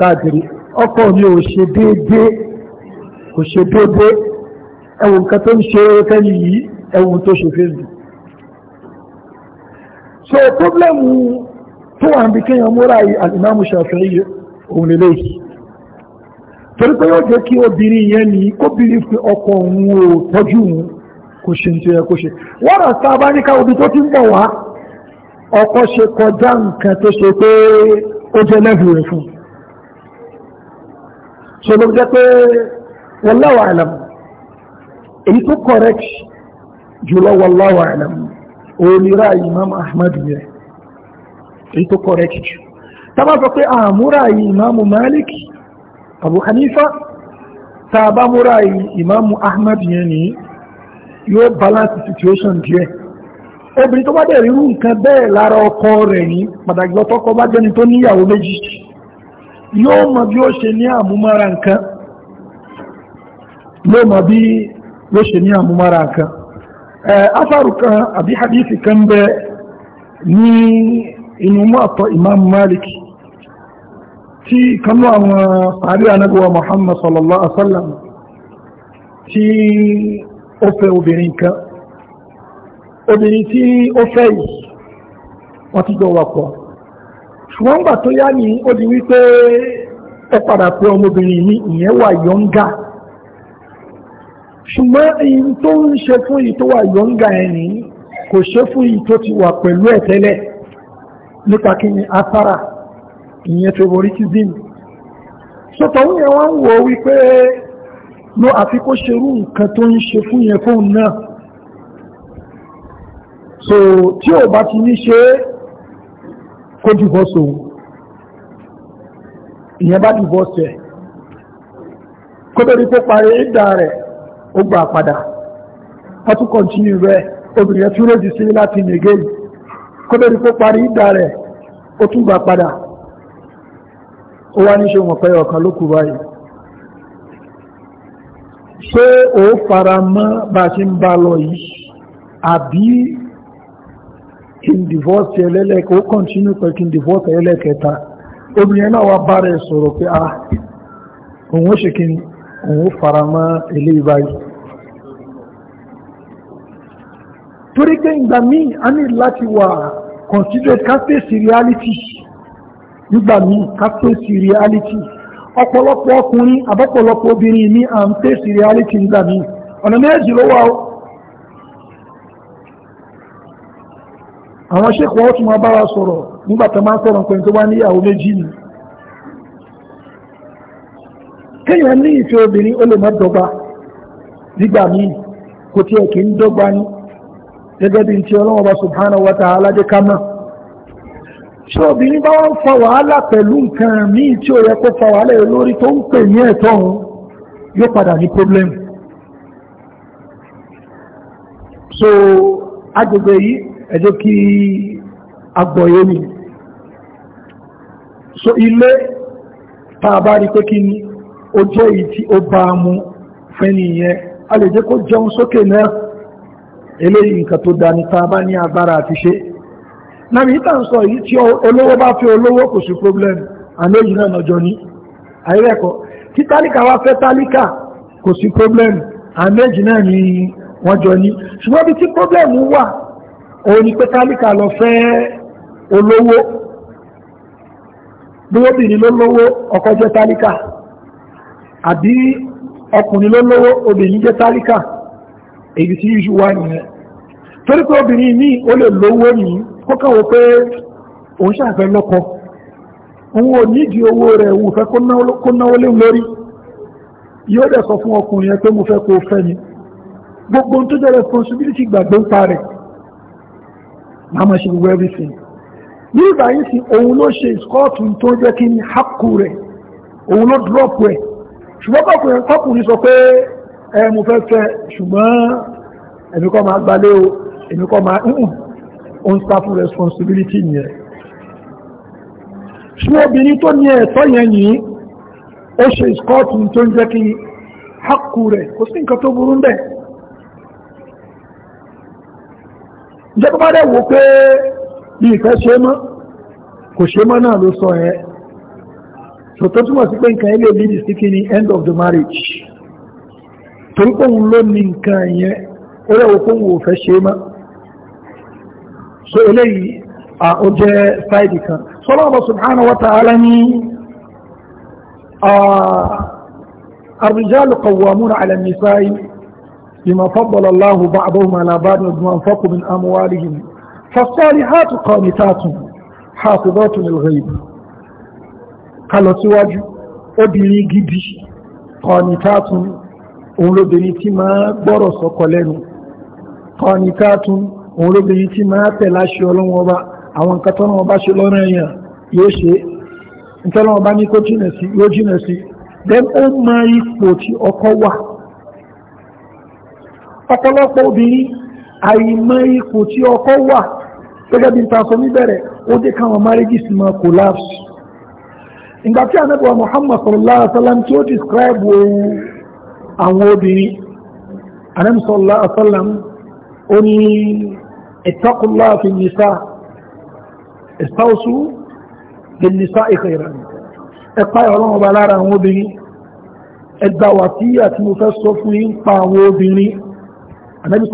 kò ṣe déédé ẹwù nǹkan tó ń ṣe ẹni yìí ẹwù tó ṣe facebook so problemu tó wà níbi kéèyàn múra yìí al-Imam Shafi'i òun lè léyìí torí pé yóò jẹ́ kí obìnrin yẹn ní kóbìnrin fi ọkọ òun ò tọ́jú òun kò ṣe ní tó yẹ kó ṣe wọ́n rà sá bá ní ká tó ti ń bọ̀ wá ọkọ ṣe kọjá nǹkan tó ṣe pé ó jẹ́ lẹ́bù rẹ̀ fún un so ló jẹ́ pé wallahu alam èyí tó correct jùlọ wallahu alam onírà imam ahmad yẹn èyí tó correct jù tábà sọ pé àmúra yìí imam malik abu hanifa tàbá múra yìí imam ahmad yẹn ni yóò balance situation díẹ̀ obìnrin tó bá dẹ̀ rírú nǹkan bẹ́ẹ̀ lára ọkọ rẹ̀ ní pàtàkì lọ́tọ́kọ bá jẹ́ni tó níyàwó méjì yóò mọ bí ó ṣe ní àmúmára nǹkan yóò ma bi ló ṣe ní àmúmára kan afáàrù kan àbí hadithi kan bẹ ní inú mọ́tọ̀ imam malik tí kanú àwọn sàárì anábíwa muhammad sallallahu alaihi wasallam tí ó fẹ́ obìnrin kan obìnrin tí ó fẹ́ yìí wọ́n ti jọ wapọ̀ ṣùgbọ́n gbà tó yá ni ó di wípé padà pé ọmọbìnrin ìyẹn wà ṣùgbọ́n èyí tó ń ṣe fún yìí tó wà yọ̀ǹgà ẹni kò ṣe fún yìí tó ti wà pẹ̀lú ẹ̀ tẹ́lẹ̀ nípa kí ni afárá ìyẹn favoritism sọ̀tọ̀ ń yẹn wọ́n ń wò wípé ló àfi kó ṣerú nǹkan tó ń ṣe fún yẹn fóun náà so tí ò bá ti ní ṣe kó dìbọ́sò ìyẹn bá dìbọ́sẹ̀ kó tó rí kó parí ìdá rẹ̀ ó gbà padà wọ́n tún kọ̀ntínú rẹ̀ obìnrin tún rèjì sí láti nìgéyìí kó lórí parí ìdá rẹ̀ ó tún gbà padà ó wá ní ṣe wọ̀n pẹ́ ọ̀kan ló kù báyìí ṣé fara mọ́ bá ṣe ń bá lọ yìí àbí kí n divorce ẹlẹ́lẹ́kẹ̀ẹ́ ó kọ̀ntínú pẹ̀ kí n divorce obìnrin náà wá bá rẹ̀ sọ̀rọ̀ pé a ah, òun ó òun farama mọ́ ilé torí pé ìgbà míì a ní láti wà considered reality nígbà míì káfíèsì reality ọ̀pọ̀lọpọ̀ ọkùnrin àbọ̀pọ̀lọpọ̀ obìnrin ní à ń reality nígbà míì ọ̀nà méjì ló wà ó àwọn ṣèkọ̀ọ́ tún máa bára sọ̀rọ̀ nígbà tó máa ń sọ̀rọ̀ pẹ̀lú tó níyàwó méjì kéèyàn ní ìfẹ́ obìnrin ó lè má dọ́gba nígbà míì kò tiẹ̀ kì í dọ́gba ní gẹ́gẹ́ bí ti ọlọ́wọ́ bá subhana wa ta'ala jẹ́ obìnrin bá wọ́n fa wàhálà pẹ̀lú nǹkan míì tí ó yẹ kó fa wàhálà lórí tó ń pè ní ẹ̀tọ́ òun yóò padà ní problem so agbègbè yìí kí agbọ̀yé so ilé tá a ó jẹ́ èyí tí ó bá mú fẹ́ni yẹn a lè jẹ́ kó jẹun sókè náà eléyìí nǹkan tó dání ta bá ní agbára àti ṣe náà yìí tàn sọ èyí tí olówó bá fẹ́ olówó kò sí problem àmì èyí náà lọ́jọ́ ní àìrẹ́kọ̀ tí tálíkà wá fẹ́ tálíkà kò sí problem àmì èyí náà ni wọ́n jọ ní ṣùgbọ́n bí tí problem wà òun ni pé tálíkà lọ fẹ́ olówó bí obìnrin ló lówó jẹ́ tálíkà àbí ọkùnrin ló lówó obìnrin jẹ́ tálíkà èyí tí yíṣu wá nìyẹn torí pé obìnrin ní ó lè lówó ní kókàwó pé òun ṣàfẹ́ lọ́kọ òun ò nídìí owó rẹ̀ òun fẹ́ kó náwó léwu lórí yóò dẹ̀ sọ fún ọkùnrin yẹn pé mo fẹ́ kó fẹ́ ni gbogbo tó jẹ́ responsibility gbàgbé ń pa máa ma ṣe gbogbo everything ní ìgbà yìí sí òun ló ṣe ìskọ́ọ̀tù tó jẹ́ kí ni hákù rẹ̀ òun ló drop rẹ̀ ṣùgbọ́n kọkùnrin sọ pé ẹ mo fẹ́ fẹ́ ṣùgbọ́n èmi kọ́ máa gbalé o èmi kọ́ máa ń on staff responsibility nìyẹn ṣé obìnrin tó ní ẹ̀tọ́ yẹn yìí ó ṣe ìskọ́ọ̀tù tó ń jẹ́ kí hákù rẹ̀ kò sí nǹkan tó burú ń bẹ̀ ìjọba bá dẹ̀ wò pé bí ìfẹ́ ṣe mọ́ kò ṣe mọ́ náà ló sọ ẹ́ so tó túmọ̀ sí pé nǹkan ẹ lè lead sí kí ni end of the marriage torí pé òun ló ní nǹkan yẹn ó rẹ̀ wò pé òun ò fẹ́ ṣe é so eléyìí ó jẹ́ side kan sọlọ́ ọ̀bọ̀ subhanahu wa ta'ala ní الرجال قوامون على النساء بما فضل الله بعضهم على بعض وبما انفقوا من اموالهم فالصالحات قانتات حافظات للغيب ká lọ síwájú obìnrin gidi kọ̀ọ̀nìtàtún òun lóbìnrin tí máa gbọ́rọ̀ sọ́kọ lẹ́nu kọ̀ọ̀nìtàtún òun lóbìnrin tí máa tẹ̀lé àṣẹ ọlọ́wọ́n ọba àwọn nǹkan tọ́nà ọba ṣe lọ́rọ̀ èèyàn yóò ṣe nítorí ọba ní kó jìnà sí yóò jìnà sí then ó mọ ipò tí ìgbà tí ànábì wa Muhammad sallallahu alaihi wasallam tí ó describe wo àwọn obìnrin ànábì sallallahu alaihi wasallam ó ní ittaqullaha fi nisa istawsu bin nisa'i khairan ẹ̀pá ọlọ́run ọba lára àwọn obìnrin ẹgbà wà tí àti mo fẹ́ sọ fún yín pa àwọn obìnrin ànábì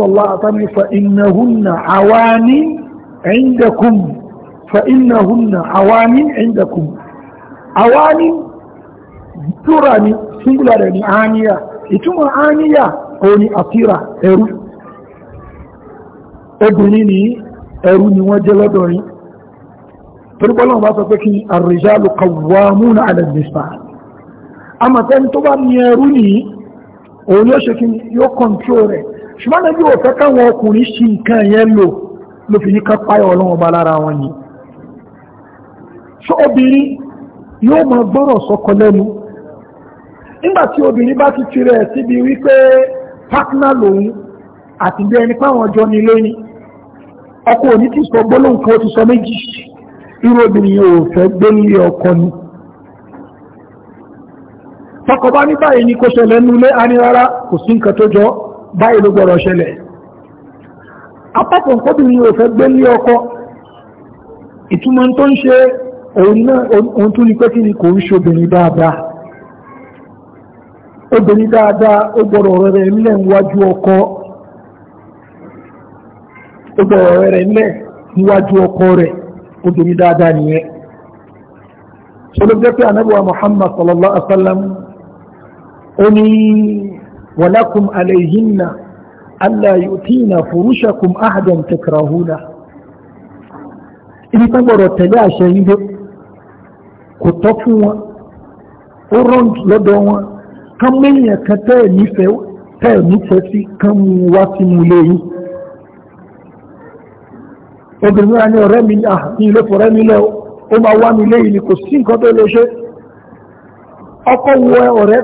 Awani, túra ni singular rẹ̀ ni àníyà ìtumọ̀ àníyà òun ni àfíra ẹrú obìnrin ni ẹrú ni wọ́n jẹ́ lọ́dọ̀rin torípọ́lọ́ bá sọ pé kí ar-rijalu qawwamuna 'ala an-nisaa amọ̀tẹ́ni tó bá ní ẹrú ni òun yóò ṣe kí yóò control rẹ̀ ṣùgbọ́n náà bí wọ́n fẹ́ káwọn ọkùnrin ṣì nǹkan yẹn lò ló ní kápáyọ̀ ọlọ́wọ́n bá lára wọn ni so obìnrin yóò máa gbọ́rọ̀ sọ́kọ lẹ́nu nígbà tí obìnrin bá ti tirẹ̀ síbi wípé pátánà lòun àti bí ẹni páwọn ọjọ́ ni lóyún ọkọ òní ti sọ gbólóhùn kan ó ti sọ méjì irú obìnrin yóò fẹ́ gbé nílé ọkọ ni tọkọ bá ní báyìí ni kò ṣẹlẹ̀ nulé anírárá kò sí nǹkan tó jọ báyìí ló gbọ́dọ̀ ṣẹlẹ̀ apákan kóbìnrin yóò òun náà òun tún ní pé kí ni kò ń ṣe obìnrin dáadáa obìnrin dáadáa ó gbọ́dọ̀ ọ̀rẹ́ rẹ̀ nílẹ̀ níwájú ọkọ ó gbọ́dọ̀ ọ̀rẹ́ rẹ̀ nílẹ̀ níwájú ọkọ rẹ̀ obìnrin dáadáa nìyẹn olùdókè anábíwá Muhammad sallallahu alaihi wa sallam ó ní walakum alayhinna alla yu'tina furushakum ahadan ibi tán gbọ́dọ̀ tẹ̀lé àṣẹ yín dé. kò tọ́ fún wọn ó rán lọ́dọ̀ wọn kán mẹ́yìn ẹ̀kan tẹ́ ẹ̀ nífẹ̀ẹ́ sí kán mú wá sínú ilé yìí obìnrin náà ní ọ̀rẹ́ mi ní ah, ilé fọ̀rẹ́ mi lẹ́ ó máa wá mi léyìn ni kò sí nǹkan tó ọkọ wo ọ̀rẹ́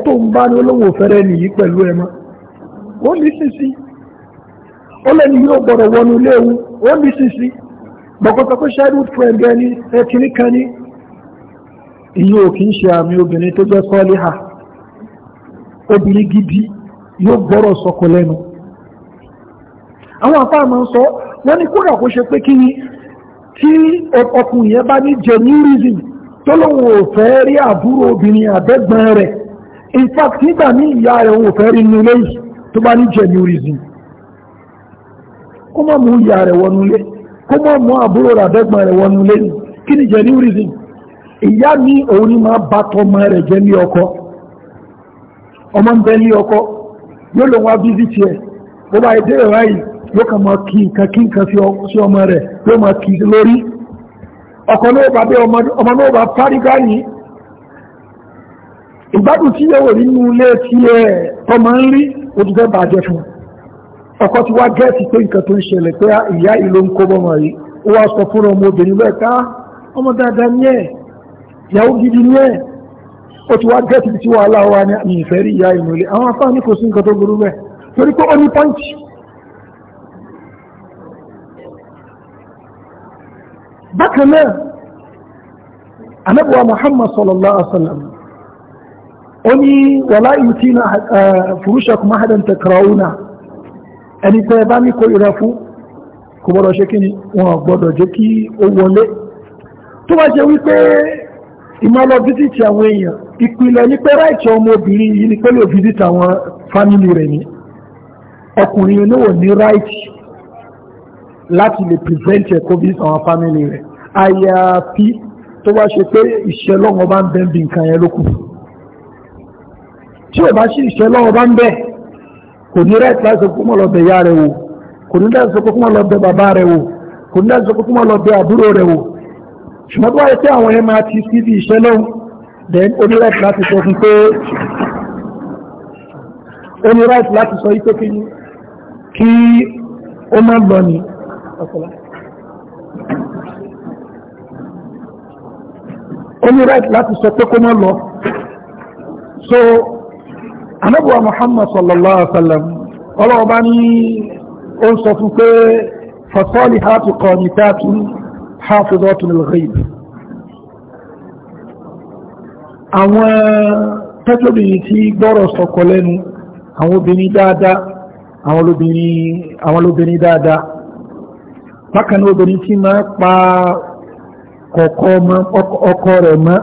ihe ò kí ṣe obìnrin tó jẹ́ ha obìnrin gidi yóò gbọ́rọ̀ sọ́kọ lẹ́nu àwọn àfáà máa ń sọ wọ́n ní kódà kó ṣe pé kí ni tí ọkùnrin yẹn bá ní genuism tó lóun ò fẹ́ rí àbúrò obìnrin rẹ̀ in fact nígbà ní ìyá rẹ̀ òun ò fẹ́ rí inú ilé yìí tó bá ní genuism kó má mú ìyá rẹ̀ wọnú ilé kó má mú àbúrò rẹ̀ rẹ̀ ìyá ní òun ni máa bá tọmọ rẹ̀ jẹ́ ní ọkọ ọmọ ń bẹ ní ọkọ yóò lọ wá bíbí tiẹ̀ bó bá ìdí rẹ̀ báyìí yóò máa kí nǹkan kí nǹkan sí ọmọ rẹ̀ yóò máa kí ọkọ náà bá bẹ ọmọ náà bá parí ìgbádùn tí nínú ilé tí ẹ ń rí ó ti fẹ́ bàjẹ́ fún wá gẹ́ẹ̀sì pé nǹkan tó ń ṣẹlẹ̀ pé ìyá ìlú ń kó ìyàwó gidi ní ẹ̀ ó ti wá gẹ́ẹ̀tì tí wàhálà wa ní àmì ìfẹ́ rí ìyá ìnú ilé àwọn afáà ní kò sí nǹkan tó burú bẹ́ẹ̀ torí pé ó ní pọ́ǹtì bákan náà anábùwà Muhammad sallallahu alaihi wasallam ó ní wàlá yutina eh, furushakum ahadan takrauna ẹni tẹ́ bá ní kó ìrẹ́ fún kò gbọ́dọ̀ ṣe kí ni wọn gbọ́dọ̀ jẹ́ kí ó wọlé tó bá ṣe wípé ìmọ̀ lọ fíjìtì àwọn èèyàn ìpìlẹ̀ ní pé ráìtì ọmọbìnrin yìí ni pé lè àwọn fámìlì rẹ̀ ni ọkùnrin oníwò ní ráìtì láti lè prevent ẹ̀ kó visit àwọn fámìlì rẹ̀ àyàfi tó bá ṣe pé ìṣẹ́ lọ́wọ́ bá ń bẹ́ bí nǹkan yẹn lókù tí ò bá ṣe ìṣẹ́ lọ́wọ́ bá ń bẹ́ kò ní ráìtì láti sọ pé kó lọ bẹ̀ ìyá rẹ̀ wò kò ní láti sọ pé kó lọ bẹ̀ bàbá rẹ̀ wò kò ní láti sọ pé kó lọ bẹ̀ àbúrò rẹ̀ wò ṣùgbọ́n tó wáyé pé àwọn ẹ̀ máa ti sí ibi ìṣẹ́ lọ́wọ́ then ó ní right láti sọ fún pé ó ní right láti sọ ipé kí kí ó má lọ ní ọ̀pọ̀lá ó láti sọ pé kó má lọ so anábùwà Muhammad sallallahu alaihi wa sallam ọlọ́ọ̀bá ní ó ń sọ fún pé fasọ́lì hàtù ní táàtù حافظات للغيب àwọn tẹ́tọ́bìnrin tí gbọ́rọ̀ sọ̀kọ̀ lẹ́nu àwọn obìnrin dáadáa àwọn olóbìnrin dáadáa bákan náà obìnrin tí máa pa kọ̀kọ́ ọkọ rẹ̀ mọ́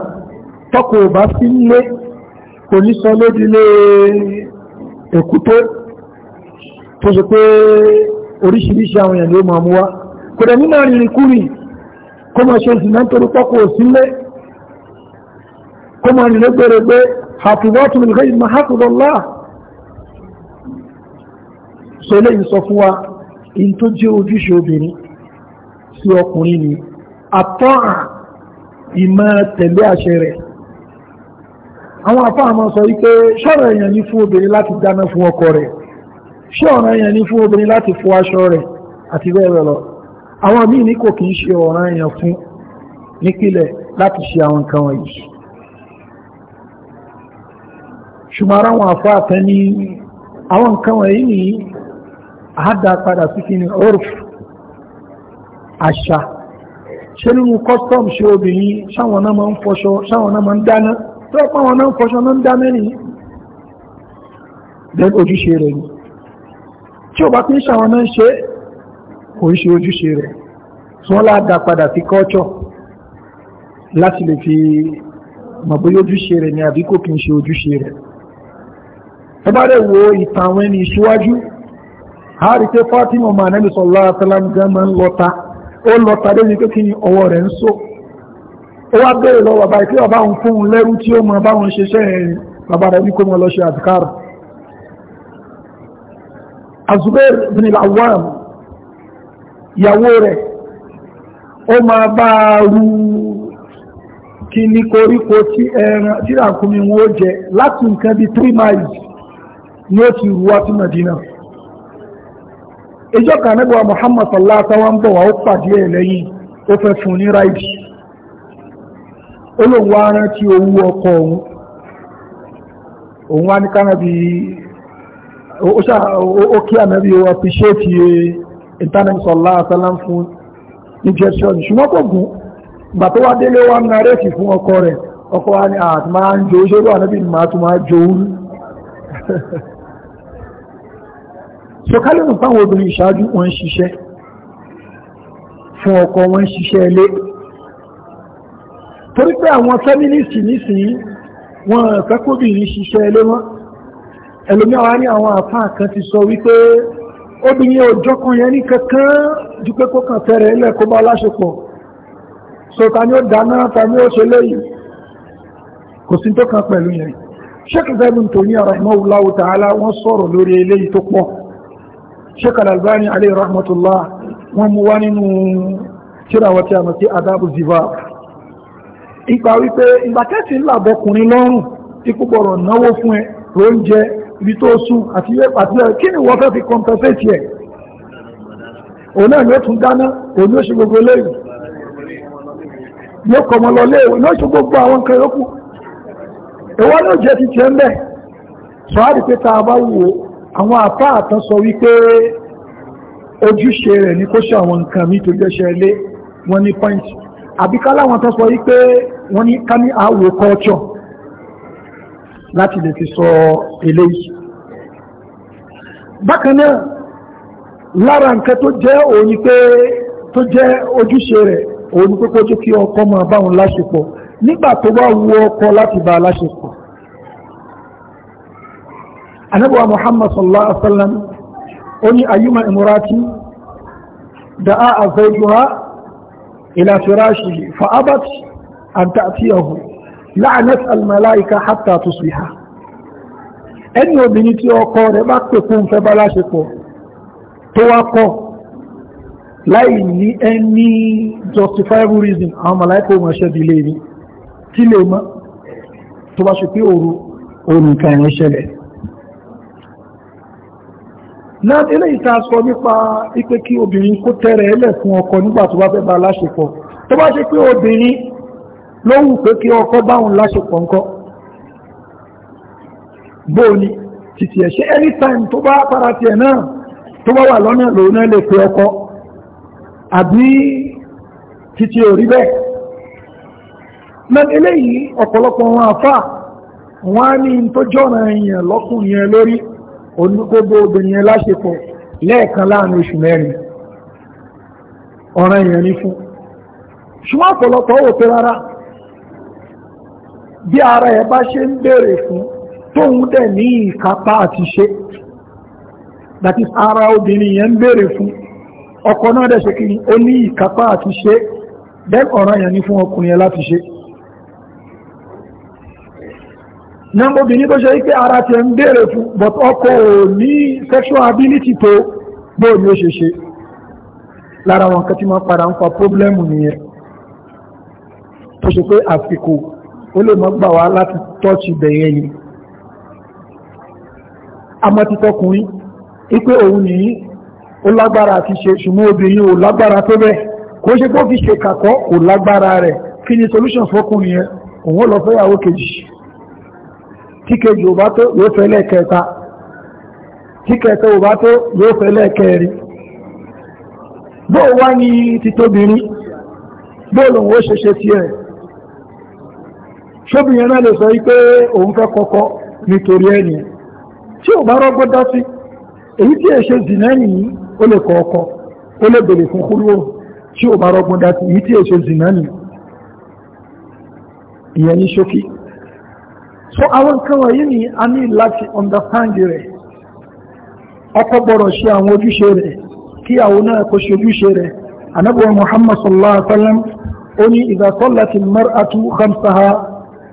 tọ́kọ̀ bá sí lé kò ní sọ lódílé èkúté tó ṣe pé oríṣiríṣi àwọn èèyàn ló máa mú wá kó máa ṣe ìsìnà nítorí pọ́kọ̀ òsínlé kó máa nílé gbèrègbè hafizatu min ghayri ma hafizallah so eléyìí sọ fún wa in tó jẹ́ ojúṣe obìnrin sí ọkùnrin ni àtọ́ ìmọ̀ tẹ̀lé àṣẹ rẹ̀ àwọn afá sọ wípé ṣọ́rọ̀ èèyàn ní fún obìnrin láti dáná fún ọkọ rẹ̀ ṣọ́rọ̀ èèyàn ní fún obìnrin láti fọ aṣọ rẹ̀ àti bẹ́ẹ̀ bẹ́ẹ̀ lọ àwọn míì ní kò kìí ṣe ọ̀ràn èèyàn fún nípìnlẹ̀ láti ṣe àwọn nǹkan wọ̀nyí ṣùgbọ́n ara wọn àfọ́ àtẹ́ ní àwọn nǹkan wọ̀nyí ní àádá padà sí kí ni orf àṣà ṣe nínú custom ṣe obìnrin ṣáwọn náà máa ń fọṣọ ṣáwọn náà máa ń dáná tó ọ̀pọ̀ àwọn náà ń fọṣọ náà ń dáná nìyí ojúṣe rẹ̀ ni tí ò bá ti ń ṣàwọn náà ń ṣe é kò ń ṣe ojúṣe rẹ̀ tí wọ́n láàdá padà sí culture láti lè fi mọ̀ ojúṣe rẹ̀ ni àbí kò kí ń ṣe ojúṣe rẹ̀ ẹ bá rẹ̀ wo ìtàn àwọn ẹni ìṣíwájú a rí pé Fatima máa ń lọta ni ọwọ́ rẹ̀ ń so ó wá bèèrè lọ bàbá ìpé ọba òun fún un lẹ́rú ìyàwó rẹ̀ ó ma bá rú kí ní koríko tí ẹran tí wọn ó jẹ láti nǹkan bí 3 miles ni ó ti rú wá sí Madina ìjọ kan nígbà Muhammad sallallahu alaihi ó pàdé ẹ̀ lẹ́yìn ó fẹ́ fún ní ráìdì ó lóun wá rántí ọkọ̀ òun wá ìtànàmì sọ̀lá àtàlám fún injection ṣùgbọ́n kò gùn gbà tó wá délé wá ń narẹ́tì fún ọkọ rẹ̀ ọkọ wa ni àti máa ń jo ṣé wà níbi ìmọ̀ àti máa jo orí sọkálẹ̀ nù fáwọn obìnrin ìṣáájú wọn ń ṣiṣẹ́ fún ọkọ wọn ń ṣiṣẹ́ ilé torí pé àwọn fẹ́mínísì nísìnyí wọn fẹ́kọ́bìnrin ṣiṣẹ́ ilé wọn ẹlòmíà wá ní àwọn àfáà kan ti sọ wípé obìnrin ọjọ́ kan yẹn ní kankan ju pé kó kàn fẹ́rẹ̀ ilẹ̀ kó bá láṣepọ̀ so ta ni ó dáná ta ni ó ṣe léyìí kò sí tó kan pẹ̀lú yẹn sheikh zainun torí rahimahullahu ta'ala wọ́n sọ̀rọ̀ lórí eléyìí tó pọ̀ sheikh al-albani alayhi rahmatullah wọ́n mú wá nínú tíráwọ̀ tí a mọ̀ sí adabu ziva ipa wípé ìgbàkẹ́sì ńlá bọkùnrin lọ́rùn tí kò gbọ́rọ̀ náwó fún ẹ ló ń jẹ ibi tó sùn àti ilé pàtí ẹ̀ kí ni wọ́n fẹ́ fi compensate ẹ̀ òun náà ni ó tún dáná òun ni ó ṣe gbogbo eléyìí yóò kọ̀ mọ́ lọ léèwé ní ó ṣe gbogbo àwọn nǹkan yòókù ìwọ́n náà jẹ́ ti tiẹ̀ ń bẹ̀ sọ á rí pé tá a bá wò àwọn àpá àtàn sọ wípé ojúṣe rẹ̀ ní kó ṣe àwọn nǹkan mi tó jẹ́ṣẹ́ lé wọ́n ní pọ́ìntì àbíká láwọn tó sọ wípé wọ́n ní ká ní àwò culture láti lè fi sọ eléyìí bákan náà lára nǹkan tó jẹ́ òní pé tó jẹ́ ojúṣe rẹ̀ òní pé kó jẹ́ kí ọkọ máa bá òun láṣepọ̀ nígbà tó bá wu ọkọ láti bá a láṣepọ̀ anabuwa muhammad sallallahu alaihi wasallam ó ní ayuma imurati da a azaijuha ila firashi fa'abat láàánẹ́ alìmọ̀láìka hátà tó sì ha ẹni obìnrin tí ọkọ rẹ̀ bá pè fún fẹ́ bá láṣepọ̀ tó wá kọ̀ láì ní ẹni justifiable reason àwọn mọ̀láìka ò mọ̀ ṣẹ́bi lé ní kí lè mọ́ tó bá ṣe pé òru òru nǹkan ẹ̀rọ ṣẹlẹ̀ náà eléyìí tá a sọ nípa ipe kí obìnrin kó tẹ́rẹ̀ ẹlẹ̀ fún ọkọ nígbà tó bá fẹ́ bá láṣepọ̀ tó bá ṣe pé obìnrin ló wù pé kí ọkọ báwọn láṣepọ̀ ńkọ́ bóòní títí ẹ̀ anytime tó bá para tiẹ̀ náà tó bá wà lọ́nà lòun náà lè pe ọkọ àbí títí ò rí bẹ́ẹ̀ náà eléyìí ọ̀pọ̀lọpọ̀ wọn àfà wọn á ní tó jọ̀ràn èèyàn lọ́kùnrin yẹn lórí onígbogbo obìnrin yẹn láṣepọ̀ lẹ́ẹ̀kan láàrin oṣù mẹ́rin ọ̀ràn èèyàn ní fún ṣùgbọ́n ọ̀pọ̀lọpọ̀ wò pé rárá bí ara ẹ̀ bá ṣe ń béèrè fún tóun dẹ̀ ní ìkápá àti ṣe that is ara obìnrin yẹn ń béèrè fún ọkọ náà dẹ̀ ṣe kí ni ó ní ìkápá àti ṣe bẹ́ẹ̀ ọ̀ràn yẹn ni fún ọkùnrin yẹn láti ṣe na obìnrin tó ṣe wípé ara ti ń béèrè fún but ọkọ ò ní sexual ability tó bóò ní ó ṣe ṣe lára wọn kan tí máa padà ń fa problem nìyẹn tó ṣe pé àsìkò ó lè mọ́ gbà wá láti tọ́ọ̀ṣì bẹ̀yẹ yìí àmọ́ ti tọkùnrin wípé òun nìyí ó lágbára àti ṣe ṣùgbọ́n obìnrin ò lágbára tó bẹ́ẹ̀ kò ṣe kó fi ṣe kàkọ́ kò lágbára rẹ̀ kí ni solution fọ́kùnrin yẹn òun lọ fẹ́yàwó kejì tí kejì ò bá tó yóò fẹ́ lẹ́ẹ̀kẹta tí kẹta ò bá tó yóò fẹ́ lẹ́ẹ̀kẹrin bóò wá ní títóbìnrin bóò lòun ó ṣe ṣe tiẹ̀ ṣóbìnrin náà lè sọ wípé òun fẹ́ kọ́kọ́ nítorí ẹni tí ò bá rọ́gbọ́ dá sí èyí tí èṣe zìnà nìyí ó lè kọ́ ọkọ ó lè bèrè fún kúrò tí ò bá rọ́gbọ́ dá sí èyí tí èṣe zìnà nìyí ìyẹn ní ṣókí so àwọn nǹkan wọ̀nyí ni a ní láti understand rẹ̀ ọkọ gbọ́dọ̀ ṣe àwọn ojúṣe rẹ̀ kí àwọn náà kò ṣe ojúṣe rẹ̀ anábọ̀ muhammad sallallahu alaihi wa sallam ó ní idha sallati al-mar'atu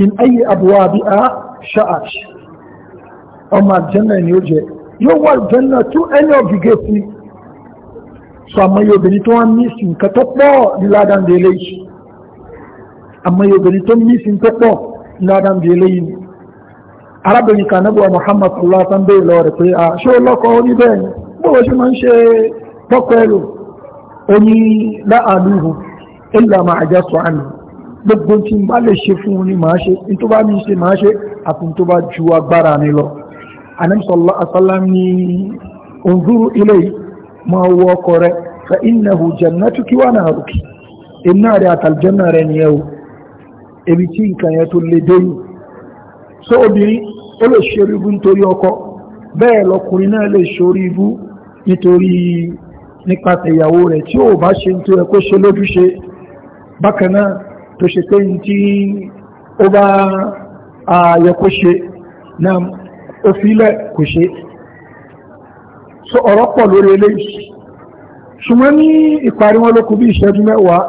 in ayi abwabiha sha'at ọmọ àjẹ́nà ni ó jẹ yóò wà àjẹ́nà tó ẹni ọ̀gígé sí so àmọ́yé obìnrin tó wá ní ìsìn nǹkan tó pọ̀ ní ládàndé eléyìí àmọ́yé obìnrin tó ní ìsìn tó pọ̀ ní ládàndé eléyìí arábìnrin kan Muhammad sallallahu alaihi wasallam lọ rẹ̀ pé à ṣé ó lọ́kọ illa ma gbogbo tí n bá lè ṣe fún un ni màá ṣe n tó bá mi ṣe màá ṣe àti n tó bá ju agbára mi lọ Ànábì sallallahu alaihi wasallam ní unzuru ilayhi máa wọ ọkọ rẹ fa innahu jannatuki wa naruki iná rẹ àtàlùjẹ́nà rẹ nìyẹn o èmi tí nǹkan yẹn tó lè dé yìí so obìnrin ó lè ṣorí ibú nítorí ọkọ bẹ́ẹ̀ lọkùnrin náà lè ṣorí ibú nítorí nípasẹ̀ ìyàwó rẹ̀ tí ó bá ṣe nítorí ẹ̀kọ́ ṣe lójúṣe bákan náà tó ṣe pé tí ó bá ààyẹ kó ṣe náà ó fílẹ̀ kò ṣe so ọ̀rọ̀ pọ̀ lórí eléyìí ṣùgbọ́n ní ìparí wọn ló kù bí ìṣẹ́jú mẹ́wàá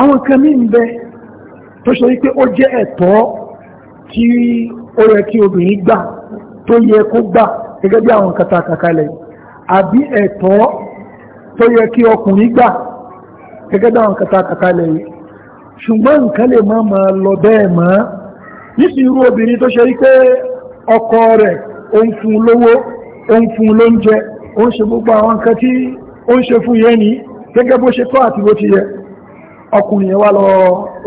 àwọn kan ní ń bẹ tó ṣe wípé ó jẹ́ ẹ̀tọ́ tí ó yẹ kí obìnrin gbà tó yẹ kó gbà gẹ́gẹ́ bí àwọn kàtà kàkalẹ̀ àbí ẹ̀tọ́ tó yẹ kí ọkùnrin gbà gẹ́gẹ́ bí àwọn kàtà kàkalẹ̀ yìí ṣùgbọ́n nǹkan lè má máa lọ bẹ́ẹ̀ mọ́ nísìn irú obìnrin tó ṣe wípé ọkọ rẹ̀ ó ń fún lówó ó ń fún lóúnjẹ ó ń ṣe gbogbo àwọn nǹkan tí ó ń ṣe fún yẹn ní gẹ́gẹ́ bó ṣe tọ́ àti bó ti yẹ ọkùnrin yẹn wá lọ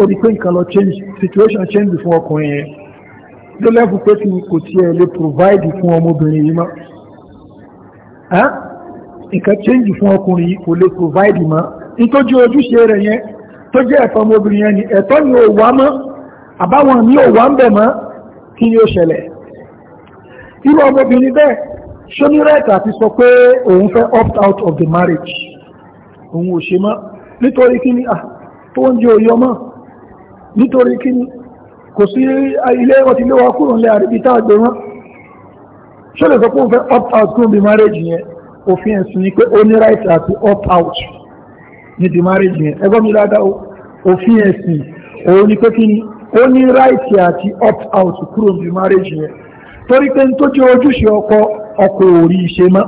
orí pé nǹkan lọ change situation change fún ọkùnrin yẹn ló lẹ́bù pé kí kò tiẹ̀ lè provide fún ọmọbìnrin yìí mọ́ nǹkan change fún ọkùnrin yìí kò lè provide mọ́ nítorí ojúṣe rẹ̀ yẹn tó jẹ́ ẹ̀tọ́ ọmọbìnrin yẹn ni ẹ̀tọ́ ni ò wá mọ́ àbáwọn mi ò wá ń bẹ̀ mọ́ kí ni ó ṣẹlẹ̀ irú ọmọbìnrin bẹ́ẹ̀ ṣó ní sọ pé òun fẹ́ opt out of the marriage òun ò ṣe mọ́ nítorí kí ni à ah, tó ń jẹ òye ọmọ nítorí kí ni kò sí ilé wọn ti lé wa kúrò nílé àríbi tá a wọn ṣó lè sọ pé òun fẹ́ opt out kúrò bí marriage yẹn òfin ẹ̀sìn ni pé ó ní rẹ́ẹ̀tì àti opt out. ní di marriage yẹn ẹgbọ́n mi dáadáa òfin ẹ̀sìn òun ni pé kí ni ó ní right àti opt out kúrò ní marriage yẹn torí pé tó jẹ́ ojúṣe ọkọ ọkọ ò rí iṣẹ́ mọ́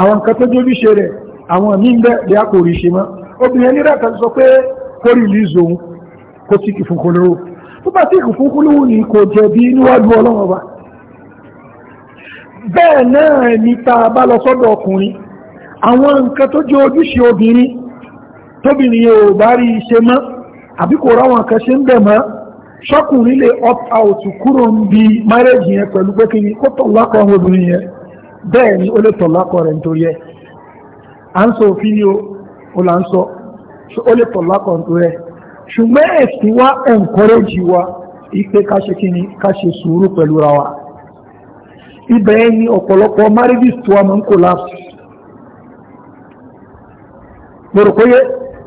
àwọn nǹkan tó jẹ́ ojúṣe rẹ̀ àwọn míì bẹ́ẹ̀ bí a kò rí iṣẹ́ obìnrin ní rẹ̀ kan sọ pé kó release kó kì tó bá kì ni kò jẹ̀bi níwájú ọlọ́run bẹ́ẹ̀ náà ni tá a bá lọ sọ́dọ̀ ọkùnrin àwọn nǹkan tó ojúṣe obìnrin tóbìnrin yẹn ò bá rí iṣẹ́ mọ́ àbí kò ráwọn kan ṣe ń bẹ̀ mọ́ lè opt out kúrò ń bi yẹn pẹ̀lú pé ni kó tọ̀lákọ̀ àwọn obìnrin yẹn bẹ́ẹ̀ ni ó lè tọ̀lákọ̀ rẹ̀ nítorí ẹ̀ à ń sọ òfin ni ó là ń sọ ó lè tọ̀lákọ̀ nítorí ẹ̀ ṣùgbọ́n wa ipe ká ṣe ni ká ṣe sùúrù pẹ̀lú ra wa ibẹ̀ ni ọ̀pọ̀lọpọ̀ wa